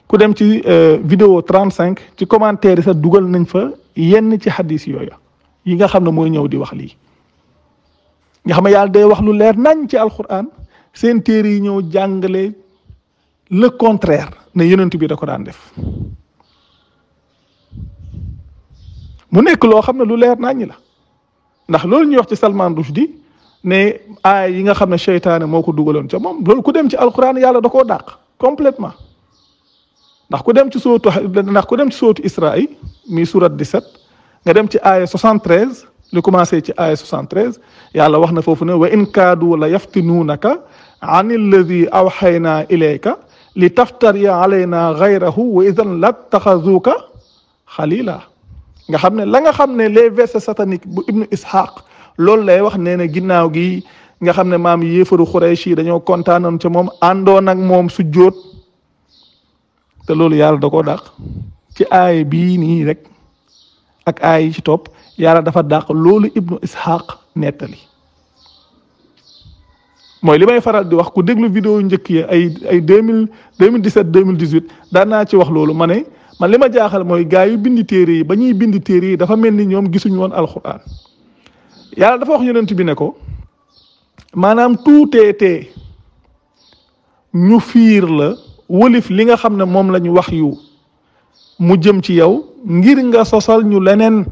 ku dem ci vidéo 35 ci commentaire yi sax dugal nañ fa yenn ci xadis yooyu yi nga xam ne mooy ñëw di wax lii nga xam ne yàlla day wax lu leer nañ ci alquran seen téere yi ñëw jàngale le contraire ne yonent bi da ko daan def mu nek lo xamne ne lu leer nañ la ndax lol ñu wax ci Salman rushdi ne ay yi nga xamne shaytan moko moo ci mom lol ku dem ci alquran yàlla da ko dàq complètement ndax ku dem ci sootu ndax ku dem ci sootu Israaïl mi sourate 17 nga dem ci aaya 73 lu commencé ci aaya 73 yàlla wax na fofu ne wa in kadu la yaftinunaka an alladi awhayna ilayka لتفتري علينا غيره وإذا لاتخذوك xalila nga xam ne la nga xam ne les versets sataniques bu ibnu ishaq loolu lay wax nee na ginnaaw gi nga xam ne maam yéefaru xuraysh yi dañoo kontaanoon ca moom àndoon ak moom su jóot te loolu yàlla da ko dàq ci aay bii nii rek ak aay yi ci topp yàlla dafa dàq loolu ibnu ishaq nettali mooy li may faral di wax ku déglu vidéo njëkk yi ay ay deux mille deux mille dix sept deux mille dix huit daan naa ci wax loolu ma ne man li ma jaaxal mooy gaa yu bind téere yi ba ñuy bind téere yi dafa mel ni ñoom gisuñu woon alxuraan yàlla dafa wax yonent bi ne ko maanaam tuuteetee ñu fiir la wëlif li nga xam ne moom la ñu wax yu mu jëm ci yow ngir nga sosal ñu leneen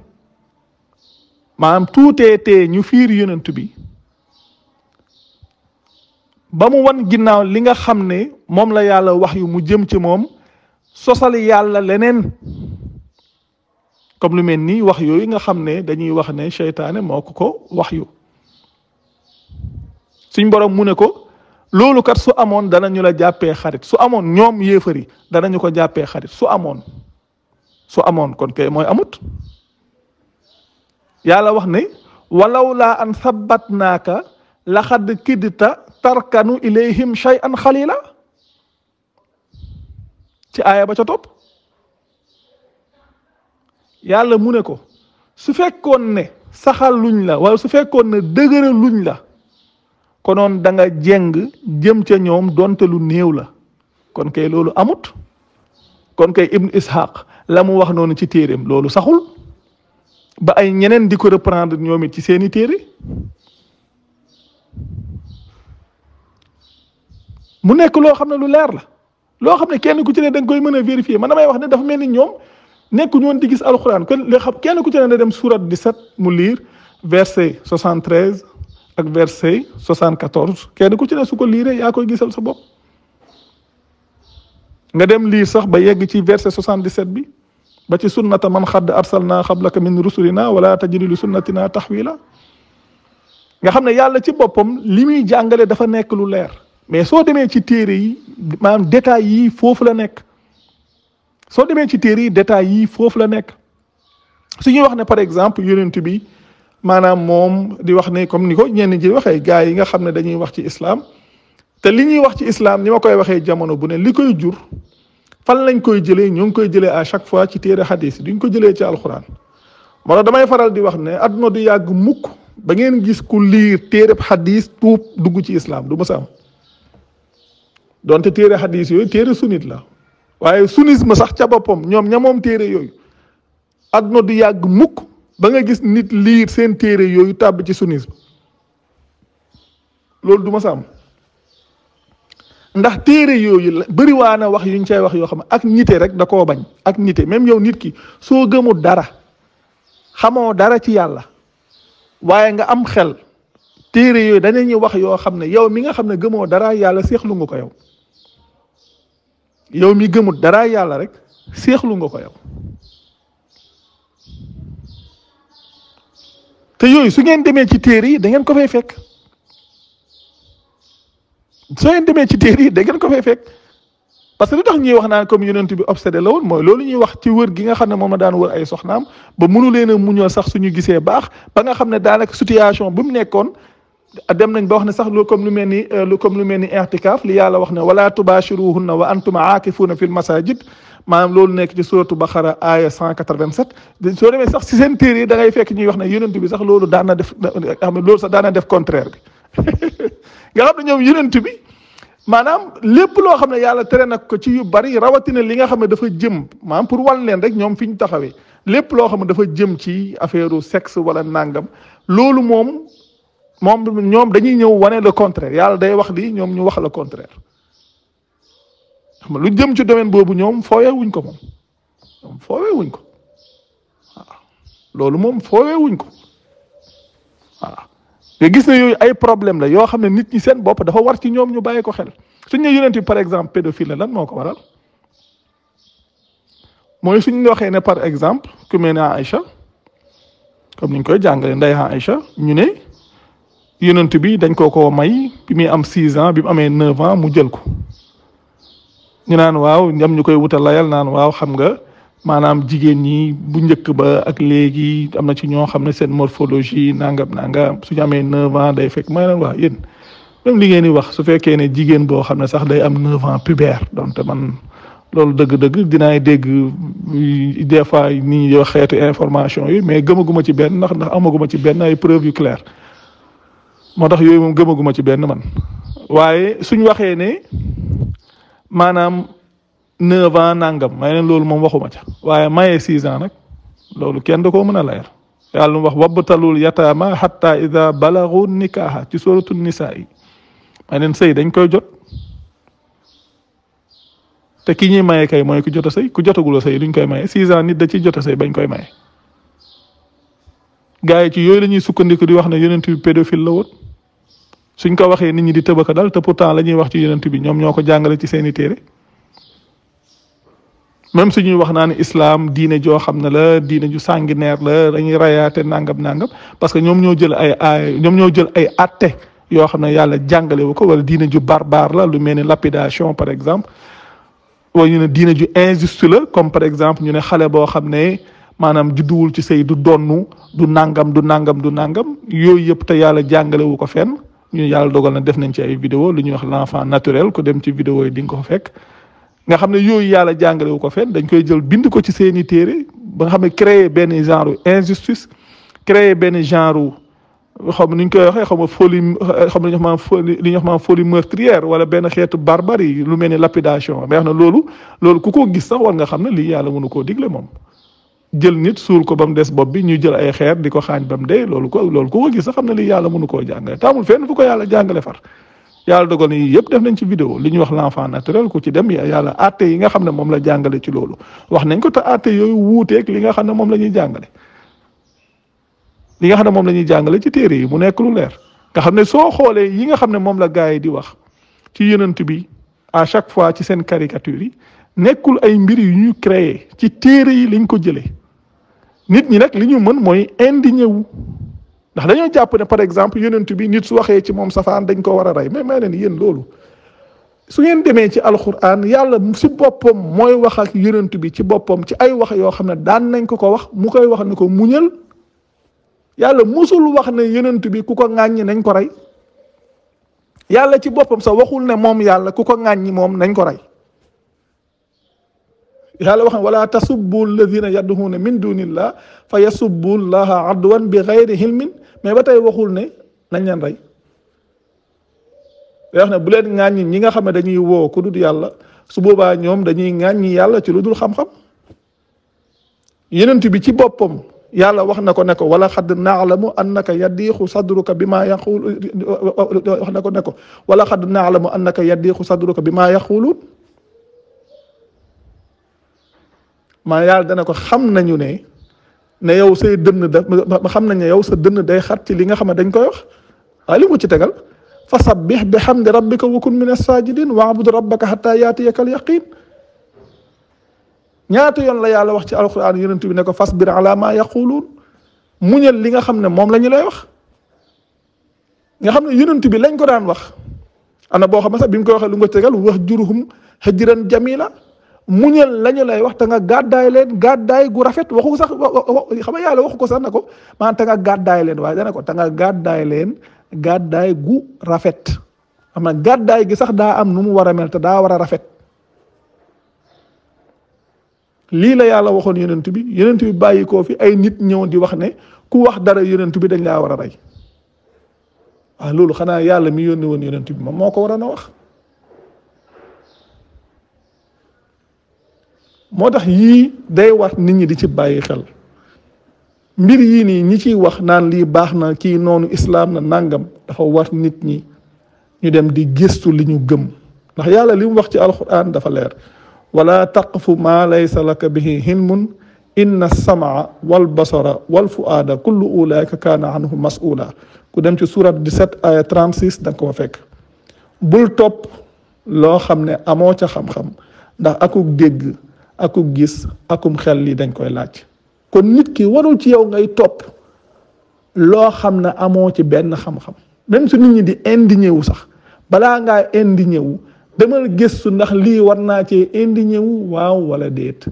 maanaam tuuteetee ñu fiir yonent bi. ba mu wan ginnaaw li nga xam ne moom la yàlla wax yu mu jëm ci moom sosal yàlla leneen comme lu mel nii wax yooyu nga xam ne dañuy wax ne seytaane moo ko ko wax yu suñ borom mu ne ko loolu kat su amoon danañu la jàppee xarit su amoon ñoom yéefar danañu ko jàppee xarit su amoon su amoon kon kay mooy amut yàlla wax ne walaw laa an sabat naaka laxadd kiddita tarkanu ilayhim shay'an xalila ci aaya ba ca topp yàlla mu ne ko su fekkoon ne saxal luñ la wala su fekkoon ne dëgëral luñ la konoon da nga jeng jëm ca ñoom donte lu néew la kon kay loolu amut kon kay ibnu ishaq la wax noonu ci téeréem loolu saxul ba ay ñeneen di ko reprendre ñoom ci seeni téere mu nekk loo xam ne lu leer la loo xam ne kenn ku ci ne da koy mën a vérifier man damay wax ne dafa mel ni ñoom nekku ñoon di gis alxuraan kon li xam kenn ku ci ne dem surat 17 mu lire verset 73 ak verset 74 kenn ku ci ne su ko liiree yaa koy gisal sa bopp nga dem liir sax ba yegg ci verset 77 bi ba ci sunnata man xadd arsalna xablaka min rusulina wala tajri li sunnatina tahwila nga xam ne yàlla ci boppam li muy jàngale dafa nekk lu leer mais soo demee ci téere yi maam détails yii foofu la nekk soo demee ci téere yi détails yii foofu la nekk su ñuy wax ne par exemple yonent bi maanaam moom di wax ne comme ni ko ñenn ji waxee gaa yi nga xam ne dañuy wax ci islam te li ñuy wax ci islam ni ma koy waxee jamono bu ne li koy jur fan lañ koy jëlee ñoo ngi koy jëlee à chaque fois ci téere xadis ñu ko jëlee ci alxuraan moo damay faral di wax ne moo du yàgg mukk ba ngeen gis ku liir téereb xadis tuub dugg ci islam du mës a am donte téere xadis yooyu téere sunnit la waaye sunnisme sax ca boppam ñoom ña moom téere yooyu adduna du yàgg mukk ba nga gis nit liir seen téere yooyu tàbb ci sunnisme loolu du ma am ndax téere yooyu la bëri waa na wax yuñ cay wax yoo xam ne ak nite rek da koo bañ ak nite même yow nit ki soo gëmul dara xamoo dara ci yàlla waaye nga am xel téere yooyu danañuy wax yoo xam ne yow mi nga xam ne gëmoo dara yàlla seexlu nga ko yow yow mi gëmut dara yàlla rek seexlu nga ko yow te yooyu su ngeen demee ci téere yi da ngeen ko fekk soo ngeen demee ci téere yi da ngeen ko fekk parce que lu tax ñuy wax naan comme yonent bi obsédé la woon mooy loolu ñuy wax ci wër gi nga xam ne moom la daan wër ay soxnaam ba mënu leen a muñoo sax suñu gisee baax ba nga xam ne daanaka situation bu mu nekkoon dem nañ ba wax ne sax lu comme lu mel ni lu comme lu mel ni i'tikaaf li yàlla wax ne wala tubashiruhunna wa antum aakifuna fil masajid manam lolou nek ci suratu Baqara aya 187 so demé sax ci sen téré da ngay fekk ñuy wax ne yonent bi sax lolou da na def am lolou sax da na def contraire bi nga xam ne ñoom yonent bi manam lépp lo xamne yàlla tere nak ko ci yu bari rawati na li nga xamne dafa jëm manam pour wal len rek ñom fiñ taxawé lépp lo xamne dafa jëm ci affaireu sexe wala nangam lolou mom mom ñom dañuy le contraire yalla day wax lii ñom ñu wax le contraire xam lu jëm ci domaine bobu ñom fowé wuñ ko mom fowé wuñ ko loolu wuñ ko gis ne yoy ay problème la yo xamné nit ñi seen bop dafa war ci ñom ñu bayé ko xel suñ ne par exemple pédophile lan moko waral moy suñ waxé né par exemple ku comme ni koy Aïcha ñu yonent bi dañ koo ko may bi muy am six ans bi mu amee neuf ans mu jël ko ñu naan waaw njam ñu koy wutal layal naan waaw xam nga maanaam jigéen ñi bu njëkk ba ak léegi am na ci ñoo xam ne seen morphologie nangam naanga su ñu amee neuf ans day fekk may na waa yéen même li ngeen di wax su fekkee ne jigéen boo xam ne sax day am neuf ans pubère donte man loolu dëgg-dëgg dinaay dégg euh, des fois ni ñuy xeetu information yi mais gëmaguma ci benn ndax ndax amaguma ci benn ay preuve yu moo tax yooyu moom gëmaguma ci benn man waaye suñ waxee ne maanaam neuf ans nangam may leen loolu moom waxuma ca waaye maye six ans nag loolu kenn da koo mën a layal yàlla mu wax wabtalul yataama hatta ida balagu nikaaha ci suratu nisaa yi may leen sëy dañ koy jot te ki ñuy maye kay mooy ku jot a sëy ku jotagul a sëy duñ koy maye six ans nit da ci jot a sëy bañ koy maye gaa yi ci yooyu la ñuy sukkandiku di wax ne yonent bi pédophile la woon suñ ko waxee nit ñi di tëbaka dal te pourtant la ñuy wax ci yonent bi ñoom ñoo ko jàngale ci seeni téere même suñuy wax naa ne islam diine joo xam ne la diine ju sanguinaire la dañuy rayaate nangam nangam parce que ñoom ñoo jël ay ñoom ñoo jël ay atte yoo xam ne yàlla jàngale ko wala diine ju barbare la lu mel ne lapidation par exemple wala ñu ne diine ju injuste la comme par exemple ñu ne xale boo xam ne maanaam judduwul ci sëy du donnu du nangam du nangam du nangam yooyu yëpp te yàlla jàngalewu ko fen ñu yàlla dogal na def nañ ci ay vidéo lu ñuy wax l'enfant naturel ku dem ci vidéo yi di nga ko fekk nga xam ne yooyu yàlla jàngale ko fenn dañ koy jël bind ko ci seeni téere ba nga xam ne créer benn genre injustice créer benn genre xam ni ñu koy waxee xam nga folie xam li ñu wax folie li ñu wax folie meurtrière wala benn xeetu barbarie lu mel ni lapidation mais wax na loolu loolu ku ko gis sax wal nga xam ne lii yàlla mënu koo digle moom. jël nit suul ko ba mu des bopp bi ñu jël ay xeer di ko xaañ bam mu loolu ko loolu ku ko gis sax xam ne lii yàlla mënu koo jàngale taamul fenn fu ko yàlla jàngale far yàlla dogal ni yëpp def nañ ci vidéo li ñuy wax l'enfant naturel ku ci dem yàlla atte yi nga xam ne moom la jàngale ci loolu wax nañ ko te atte yooyu wuuteeg li nga xam ne moom la ñuy jàngale nga xam ne moom la ñuy jàngale ci téere yi mu nekk lu leer nga xam ne soo xoolee yi nga xam ne moom la gars yi di wax ci yonent bi à chaque fois ci seen caricature yi nekkul ay mbir yu ñu créé ci téere yi lañ ko jëlee nit ñi nag li ñu mën mooy indigné ñëw ndax dañoo jàpp ne par exemple yonent bi nit su waxee ci moom safaan dañ ko war a rey mais may leen yéen loolu su ngeen demee ci alxuraan yàlla si boppam mooy wax ak yonent bi ci boppam ci ay wax yoo xam ne daan nañ ko ko wax mu koy wax ne ko muñal yàlla musul wax ne yonent bi ku ko ŋàññi nañ ko rey yàlla ci boppam sa waxul ne moom yàlla ku ko ŋàññi moom nañ ko rey yàlla wax ne wala tasubbu alladina yadduhuuna min dunillah fa yasubbu llaha adwan bi gayri hilmin mais ba tey waxul ne nañ leen rey day wax ne bu leen ŋàññi ñi nga xam ne dañuy woo ku dul yàlla su boobaa ñoom dañuy ŋàññi yàlla ci lu dul xam-xam yenent bi ci boppam yàlla wax na ko ne ko wala xad naalamu annaka yaddiixu sadruka bi maa yaqul wax na ko ne ko wala xad naalamu annaka yaddiixu sadruka bi maa yaquluun maa yàlla dana ko xam nañu ne ne yow say dënn da xam nañ ne yow sa dënn day xat ci li nga xam dañ koy wax waaye mu ci tegal fa sabbih rabbika wa kun min as-sajidin wa'bud rabbaka hatta yatiyaka al-yaqin ñaata yoon la yàlla wax ci alquran yonent bi ne ko fasbir ala ma yaquluun muñal li nga xam ne moom la ñu lay wax nga xam ne yonent bi lañ ko daan wax ana boo xam ne sax koy waxee lu nga tegal wax jurhum hajran jamila muñal lañu lay wax te nga gàddaay leen gàddaay gu rafet waxu sax xam nga yàlla waxu ko sax na ko maanaam te nga gàddaay leen waaye dana ko te nga leen gàddaay gu rafet am na gàddaay gi sax daa am nu mu war a mel daa war a rafet lii la yàlla waxoon yonent bi yonent bi bàyyi koo fi ay nit ñëw di wax ne ku wax dara yonent bi dañ laa war a rey waaw xanaa yàlla mi yónni woon yonent bi moom moo ko waroon a wax motax yi day wax nit ñi di ci bayyi xel mbir yi ni ñi ci wax naan li baxna ki nonu islam na nangam dafa wax nit ñi ñu dem di gestu li ñu gëm ndax yalla li wax ci alquran dafa leer wala taqfu ma laysa lak bihi hilmun inna sama wal basara wal fuada kullu ulaika kana anhu mas'ula ku dem ci surat 17 aya 36 dang ko fek bul top lo xamne amo ca xam-xam ndax akuk akum gis akum xel lii dañ koy laaj kon nit ki warul ci yow ngay topp loo xam ne amoo ci benn xam-xam même su nit ñi di indi wu sax balaa ngaa indi wu demal gëstu ndax lii war naa cee indi wu waaw wala déet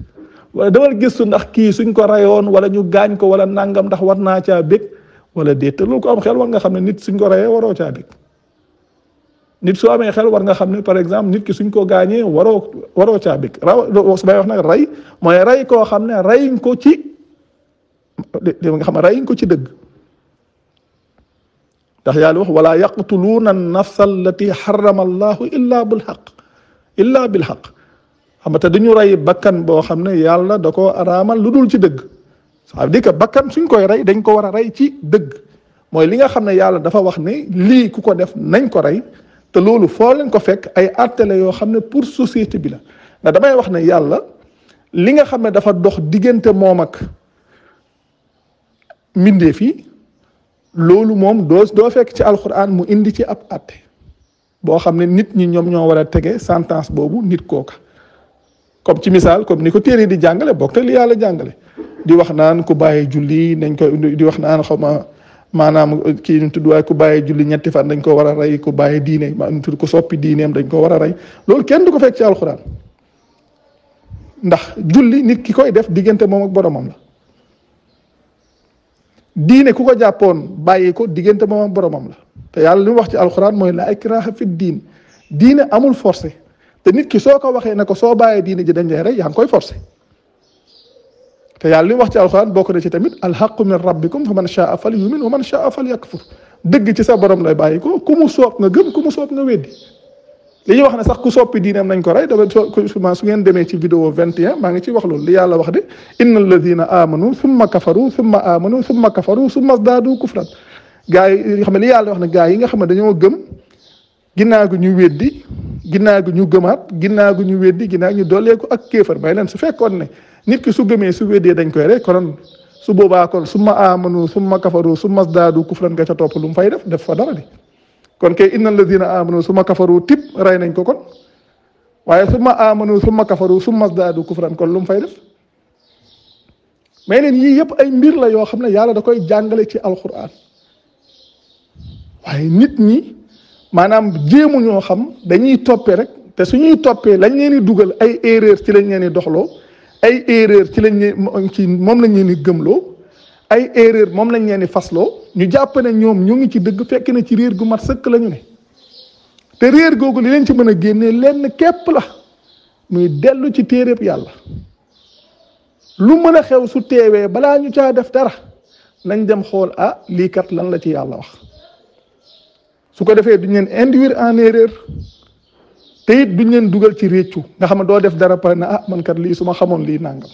wala demal gëstu ndax kii suñ ko rayoon wala ñu gaañ ko wala nangam ndax war naa caa bég wala déet te loolu ko am xel war nga xam ne nit suñ ko rayee waroo caa bég nit soo amé xel war nga xamné par exemple nit ki suñ ko gagné waro waro caa bëgg raw su bay wax nak ray moy ray ko xamné ray ko ci de nga xam ray ko ci deug tax yàlla wax wala yaqtuluna an-nafs allati harrama Allah illa bil haqq illa bil haqq xam ta duñu ray bakkan bo xamné yàlla dako koo ludul ci deug sa di ka bakkan suñ koy ray dañ ko wara ray ci deug moy li nga xamné yàlla dafa wax ne li ku ko def nañ ko ray te loolu foo leen ko fekk ay àtte la yoo xam ne pour société bi la ndax damay wax ne yàlla li nga xam ne dafa dox diggante moom ak mbindeef yi loolu moom doo doo fekk ci alxuraan mu indi ci ab àtte boo xam ne nit ñi ñoom ñoo war a tege sentence boobu nit kooka comme ci misaal comme ni ko téere di jàngale bokk te li yàlla jàngale di wax naan ku bàyyi julli nañ ko di wax naan xaw ma maanaam uh, kii ñu tudd waaye ku bàyyi julli ñetti fan dañ ko war a rey ku bàyyi diine maanaam tudd ko soppi diineem dañ ko war a rey loolu kenn du ko fekk ci alxuraan ndax julli nit ki koy def diggante moom ak boromam la diine ku ko jàppoon bàyyi ko diggante moom ak boromam la te yàlla lu wax ci alxuraan mooy laa ikraha fi diin diine amul forcé te nit ki soo ko waxee ne ko soo bàyyee diine ji dañ lay rey yaa ngi koy forcé te yàlla li mu wax ci alxuraan bokk na ci tamit alxaqu min rabbikum fa man shaa fal yumin wa man shaa fal yakfur dëgg ci sa borom lay bàyyi ko ku mu soob nga gëm ku mu soob nga weddi li ñuy wax ne sax ku soppi diineem nañ ko rey dafa souvent su ngeen demee ci vidéo 21 maa ngi ciy wax loolu li yàlla wax de inna alladina amanu summa kafaru summa amanu summa kafaru summa zdaadu kufran gaa yi xam ne li yàlla wax ne gaa yi nga xam ne dañoo gëm ginnaaw gi ñu weddi ginnaaw gi ñu gëmaat ginnaaw gi ñu weddi ginnaaw ñu dooleeku ak kéefar may leen su fekkoon ne nit ki su gëmé su wédé dañ koy ré kon su boba kon summa amanu summa kafaru summa zadu kufran ga ca top lu mu fay def def fa dara di kon kay innal alladina amanu summa kafaru tip ray nañ ko kon waye summa amanu summa kafaru summa zadu kufran kon lu mu fay def mais len yi yep ay mbir la yo xam yàlla da koy jàngale ci alquran waye nit ñi manam jému ñoo xam dañuy topé rek te suñuy topé lañ leen di dugal ay erreur ci lañ leen di doxlo ay erreur ci lañ ñu ci moom lañ leen di gëmloo ay erreur moom lañ leen di fasloo ñu jàpp ne ñoom ñu ngi ci dëgg fekk na ci réer gu mat sëkk lañu ne te réer googu li leen ci mën a génne lenn képp la muy dellu ci téereb yàlla lu mën a xew su teewee balaa ñu caa def dara nañ dem xool a ah, lii kat lan la ci yàlla wax su ko defee duñ leen induire en erreur. te it duñ leen dugal ci réccu nga xam ne doo def dara pare na ah man kat lii su ma xamoon lii nàngam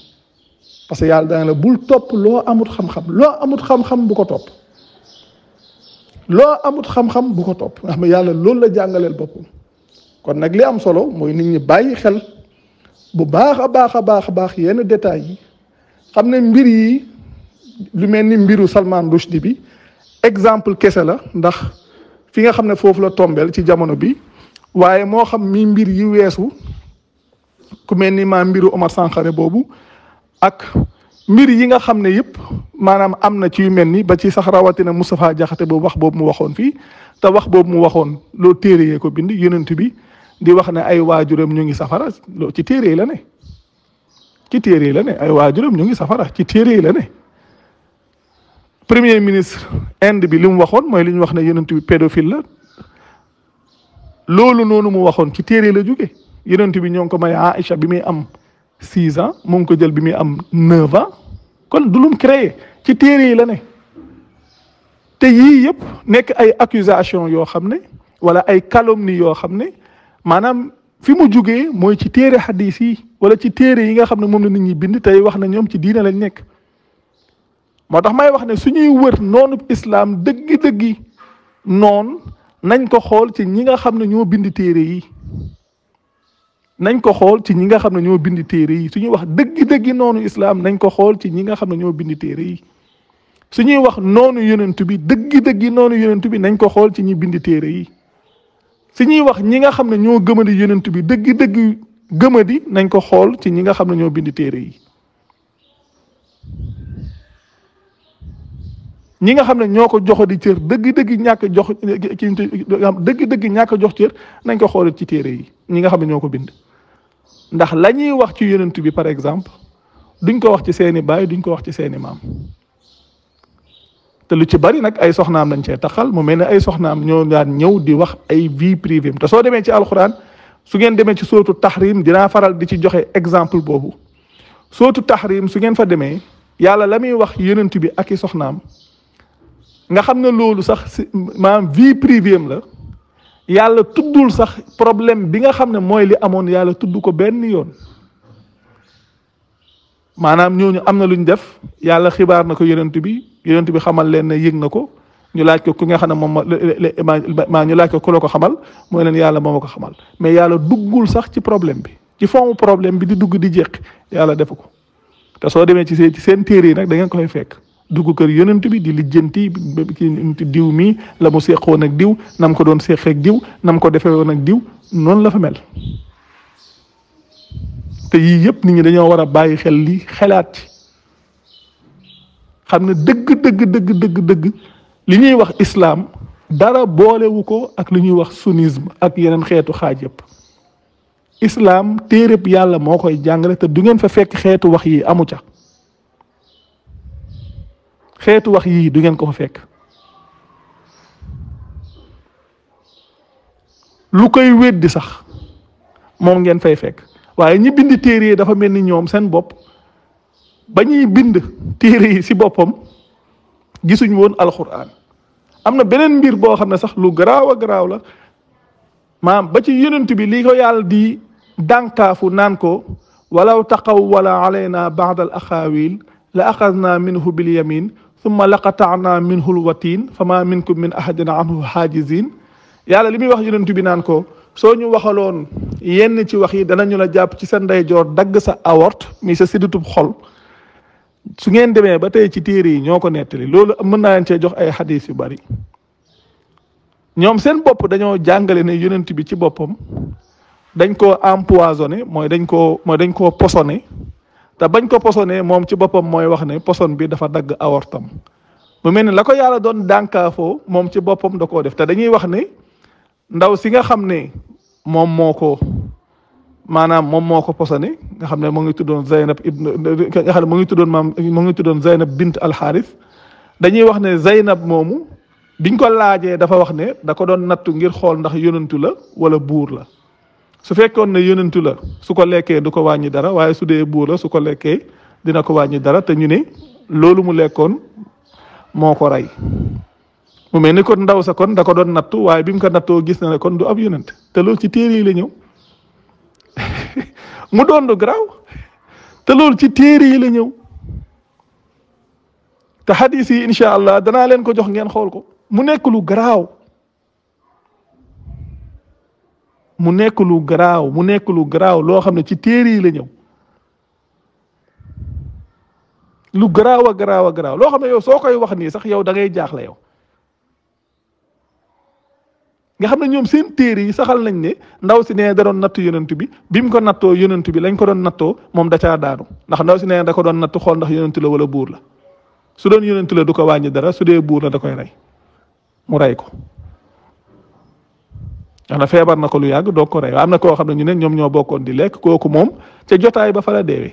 parce que yàlla dana la bul topp loo amut xam-xam loo amut xam bu ko topp loo amut xam bu ko topp nga xam ne yàlla loolu la jàngaleel boppam kon nag li am solo mooy nit ñi bàyyi xel bu baax a baax a baax a baax yenn détails xam ne mbir yi lu mel ni mbiru Salman Rushdie bi exemple kese la ndax fi nga xam ne foofu la tombeel ci jamono bi waaye moo xam mi mbir yi weesu ku mel ni ma mbiru Omar Sankharé boobu ak mbir yi nga xam ne yëpp maanaam am na ci yu mel ni ba ci sax rawatina Moustapha jaxate boobu wax boobu mu waxoon fii te wax boobu mu waxoon loo téere yee ko bind yonent bi di wax ne ay waajuram ñu ngi safara ci téere la ne ci téere la ne ay waajuram ñu ngi safara ci téere la ne premier ministre Inde bi li mu waxoon mooy li ñu wax ne yonent bi pédophile la loolu noonu mu waxoon ci téere la jóge yonent bi ñoo ngi ko may Aïcha bi muy am six ans mu ngi ko jël bi muy am neuf ans kon du lum ci téere yi la ne te yii yëpp nekk ay accusation yoo xam ne wala ay calomnie yoo xam ne maanaam fi mu jugee mooy ci téere xadis yi wala ci téere yi nga xam ne moom la nit ñi bind tey wax na ñoom ci diina lañ nekk moo tax may wax ne suñuy wër noonu islaam dëggi-dëggi noon nañ ko xool ci ñi nga xam ne ñoo bind téere yi nañ ko xool ci ñi nga xam ne ñoo bind téere yi suñuy wax dëgg-dëgg noonu islaam nañ ko xool ci ñi nga xam ne ñoo bind téere yi suñuy wax noonu yonent bi dëgg-dëgg noonu yonent bi nañ ko xool ci ñi bind téere yi suñuy wax ñi nga xam ne ñoo gëmadi yonent bi dëgg-dëgg gëmadi nañ ko xool ci ñi nga xam ne ñoo bind téere yi ñi nga xam ne ñoo ko joxo di cër dëgg-dëgg ñàkk jox ki dëgg-dëgg ñàkk jox cër nañ ko xoolee ci téere yi ñi nga xam ne ñoo ko bind ndax la wax ci yonent bi par exemple duñ ko wax ci seeni baay duñ ko wax ci seeni maam te lu ci bari nag ay soxnaam lañ cee taxal mu mel ne ay soxnaam ñoo daan ñëw di wax ay vie privée te soo demee ci alxuraan su ngeen demee ci sootu taxrim dinaa faral di ci joxe exemple boobu sootu taxrim su ngeen fa demee yàlla la muy wax yonent bi ak i soxnaam nga xam ne loolu sax si vie privée am la yàlla tuddul sax problème bi nga xam ne mooy li amoon yàlla tudd ko benn yoon maanaam ñooñu am na lu ñu def yàlla xibaar na ko yonent bi yonent bi xamal leen ne yëg na ko ñu laaj ko ki nga xam ne moom ma ñu laaj ko la ko xamal mooy leen yàlla moo ma ko xamal mais yàlla duggul sax ci problème bi ci fond problème bi di dugg di jeq yàlla def ko te soo demee ci seen ci seen téere yi nag da ngeen koy fekk. duggu kër yonent bi di lijeenti ki diw mi la mu seqoon ak diw nam ko doon seqeeg diw nam ko defee woon ak diw non la fa mel te yi yep nit ñi dañoo wara bàyyi xel li xelaat ci deug deug deug deug deug li ñuy wax islam dara boole wu ko ak li ñuy wax sunnisme ak yeneen xeetu xaaj yëpp islaam téereb yàlla moo koy jàngale te du ngeen fa fekk xeetu wax yi amu ca xeetu wax yii du ngeen ko fa fekk lu koy weddi sax moom ngeen fay fekk waaye ñi bind téere yi dafa mel ni ñoom seen bopp ba ñuy bind téere yi si boppam gisuñ woon alxuraan am na beneen mbir boo xam ne sax lu garaaw a garaaw la maam ba ci yonent bi li ko yàlla di dànkaafu naan ko walaw walla alayna baad al axaawil la axadna minhu bil yamin summa laqataana minhul watiin fama minkum min ahadin anhu haajizin yàlla li muy wax yonent bi naan ko soo ñu waxaloon yenn ci wax yi danañu la jàpp ci sa ndeyjoor dagg sa awort mi sa siddutub xol su ngeen demee ba tey ci téere yi ñoo ko nettali loolu mën naa leen cee jox ay xadis yu bari ñoom seen bopp dañoo jàngale ne yonent bi ci boppam dañ koo empoisonné mooy dañ koo mooy dañ koo poisonné te bañ ko posonee moom ci boppam mooy wax ne poson bi dafa dagg awortam mu mel ni la ko yàlla doon dànkaafoo moom ci boppam da koo def te dañuy wax ni ndaw si nga xam ne moom moo ko maanaam moom moo ko posone nga xam ne mu ngi tuddoon Zeynab ibn nga xam ne mu ngi tuddoon maam mu ngi tuddoon Zeynab bint alxaaris dañuy wax ne Zeynab moomu biñ ko laajee dafa wax ne da doon nattu ngir xool ndax yonantu la wala buur la su fekkoon ne yonentu la su ko lekkee du ko wàññi dara waaye su dee buur la su ko lekkee dina ko wàññi dara te ñu ne loolu mu lekkoon moo ko rey mu mel ni kon ndaw sa kon da ko doon nattu waaye bi mu ko nattoo gis na ne kon du ab yonent te lool ci téere yi la ñëw (laughs) mu doon du garaaw te loolu ci téere yi la ñëw te xadiis yi incha allah danaa leen ko jox ngeen xool ko mu nekk lu garaaw. mu nekk lu garaaw mu nekk lu garaaw loo xam ne ci téere yi la ñëw lu garaaw a garaaw a garaaw loo xam ne yow soo koy wax nii sax yow da ngay jaaxle yow nga xam ne ñoom seen téere yi saxal nañ ne ndaw si nee daroon doon natt yonent bi bi ko nattoo yonent bi lañ ko doon nattoo moom da caa daanu ndax ndaw si nee da ko doon natt xool ndax yonent la wala buur la su doon yonent la du ko wàññi dara su dee buur la da koy rey mu rey ko tax feebar na ko lu yàgg doog ko rey am na koo xam ne ñu ne ñoom ñoo bokkoon di lekk kooku moom ca jotaay ba fa la deewee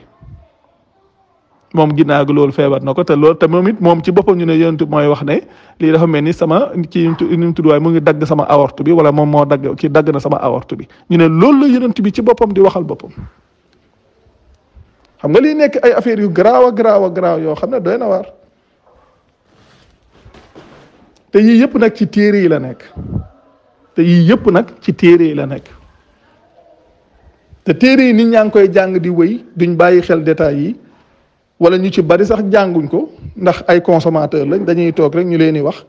moom ginnaaw gi loolu feebar na ko te loolu te moom it moom ci boppam ñu ne yonent mooy wax ne lii dafa mel ni sama ci ñu tudd waaye mu ngi dagg sama aorte bi wala moom moo dagg kii dagg na sama aorte bi ñu ne loolu la yonent bi ci boppam di waxal boppam. xam nga lii nekk ay affaire yu garaaw a garaaw a garaaw yoo xam ne doy na waar te yii yëpp nag ci téere yi la nekk. te yii yëpp nag ci téere yi la nekk te téere yi nit ñaa ngi koy jàng di wéy duñ bàyyi xel détails yi wala ñu ci bari sax jànguñ ko ndax ay consommateur lañ dañuy toog rek ñu leen di wax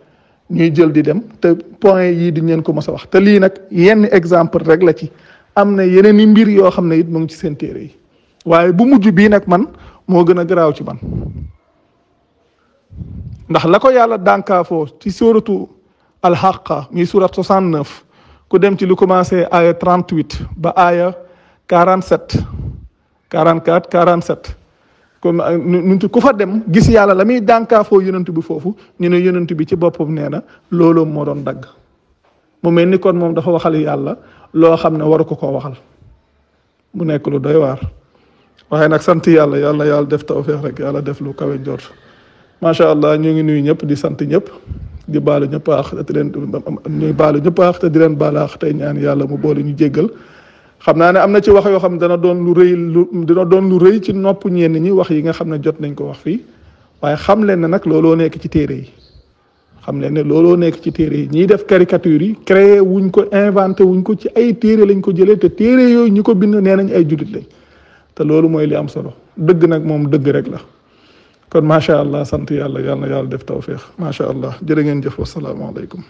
ñuy jël di dem te point yii di leen ko mës a wax te lii nag yenn exemple rek la ci am na yeneen i mbir yoo xam ne it mu ngi ci seen téere yi waaye bu mujj bii nag man moo gën a garaaw ci man ndax la ko yàlla dànkaafoo ci sóoratu alxaqa muy surat 69 ku dem ci lu commencé aaya 38 ba aaya 47 44 47 kon euh, nunti ku fa dem gis yàlla la muy dànkaafoo yonent bi foofu ñu ne yonent bi ci boppam nee na looloo moo doon dagg mu mel ni kon moom dafa waxal yàlla loo xam ne waru ko koo waxal mu nekk lu doy waar waaye nag sant yàlla yàlla yàlla def tawfeex rek yàlla def lu kawe jot macha allah ñu ngi nuyu ñëpp di sant ñëpp di baalu ñëpp aax te leen ñuy baalu ñëpp aax te di leen baal aax ñaan yàlla mu boole ñu jéggal xam naa ne am na ci wax yoo xam ne dana doon lu rëy lu dina doon lu rëy ci nopp ñenn ñi wax yi nga xam ne jot nañ ko wax fii waaye xam leen ne nag looloo nekk ci téere yi xam leen ne looloo nekk ci téere yi ñiy def caricature yi créé wuñ ko inventé wuñ ko ci ay téere lañ ko jëlee te téere yooyu ñi ko bind nee nañ ay jullit lañ te loolu mooy li am solo dëgg nag moom dëgg rek la كون ما شاء الله سنتي يالله يالله يالله ديف توفيق ما شاء الله جيرين جيف والسلام عليكم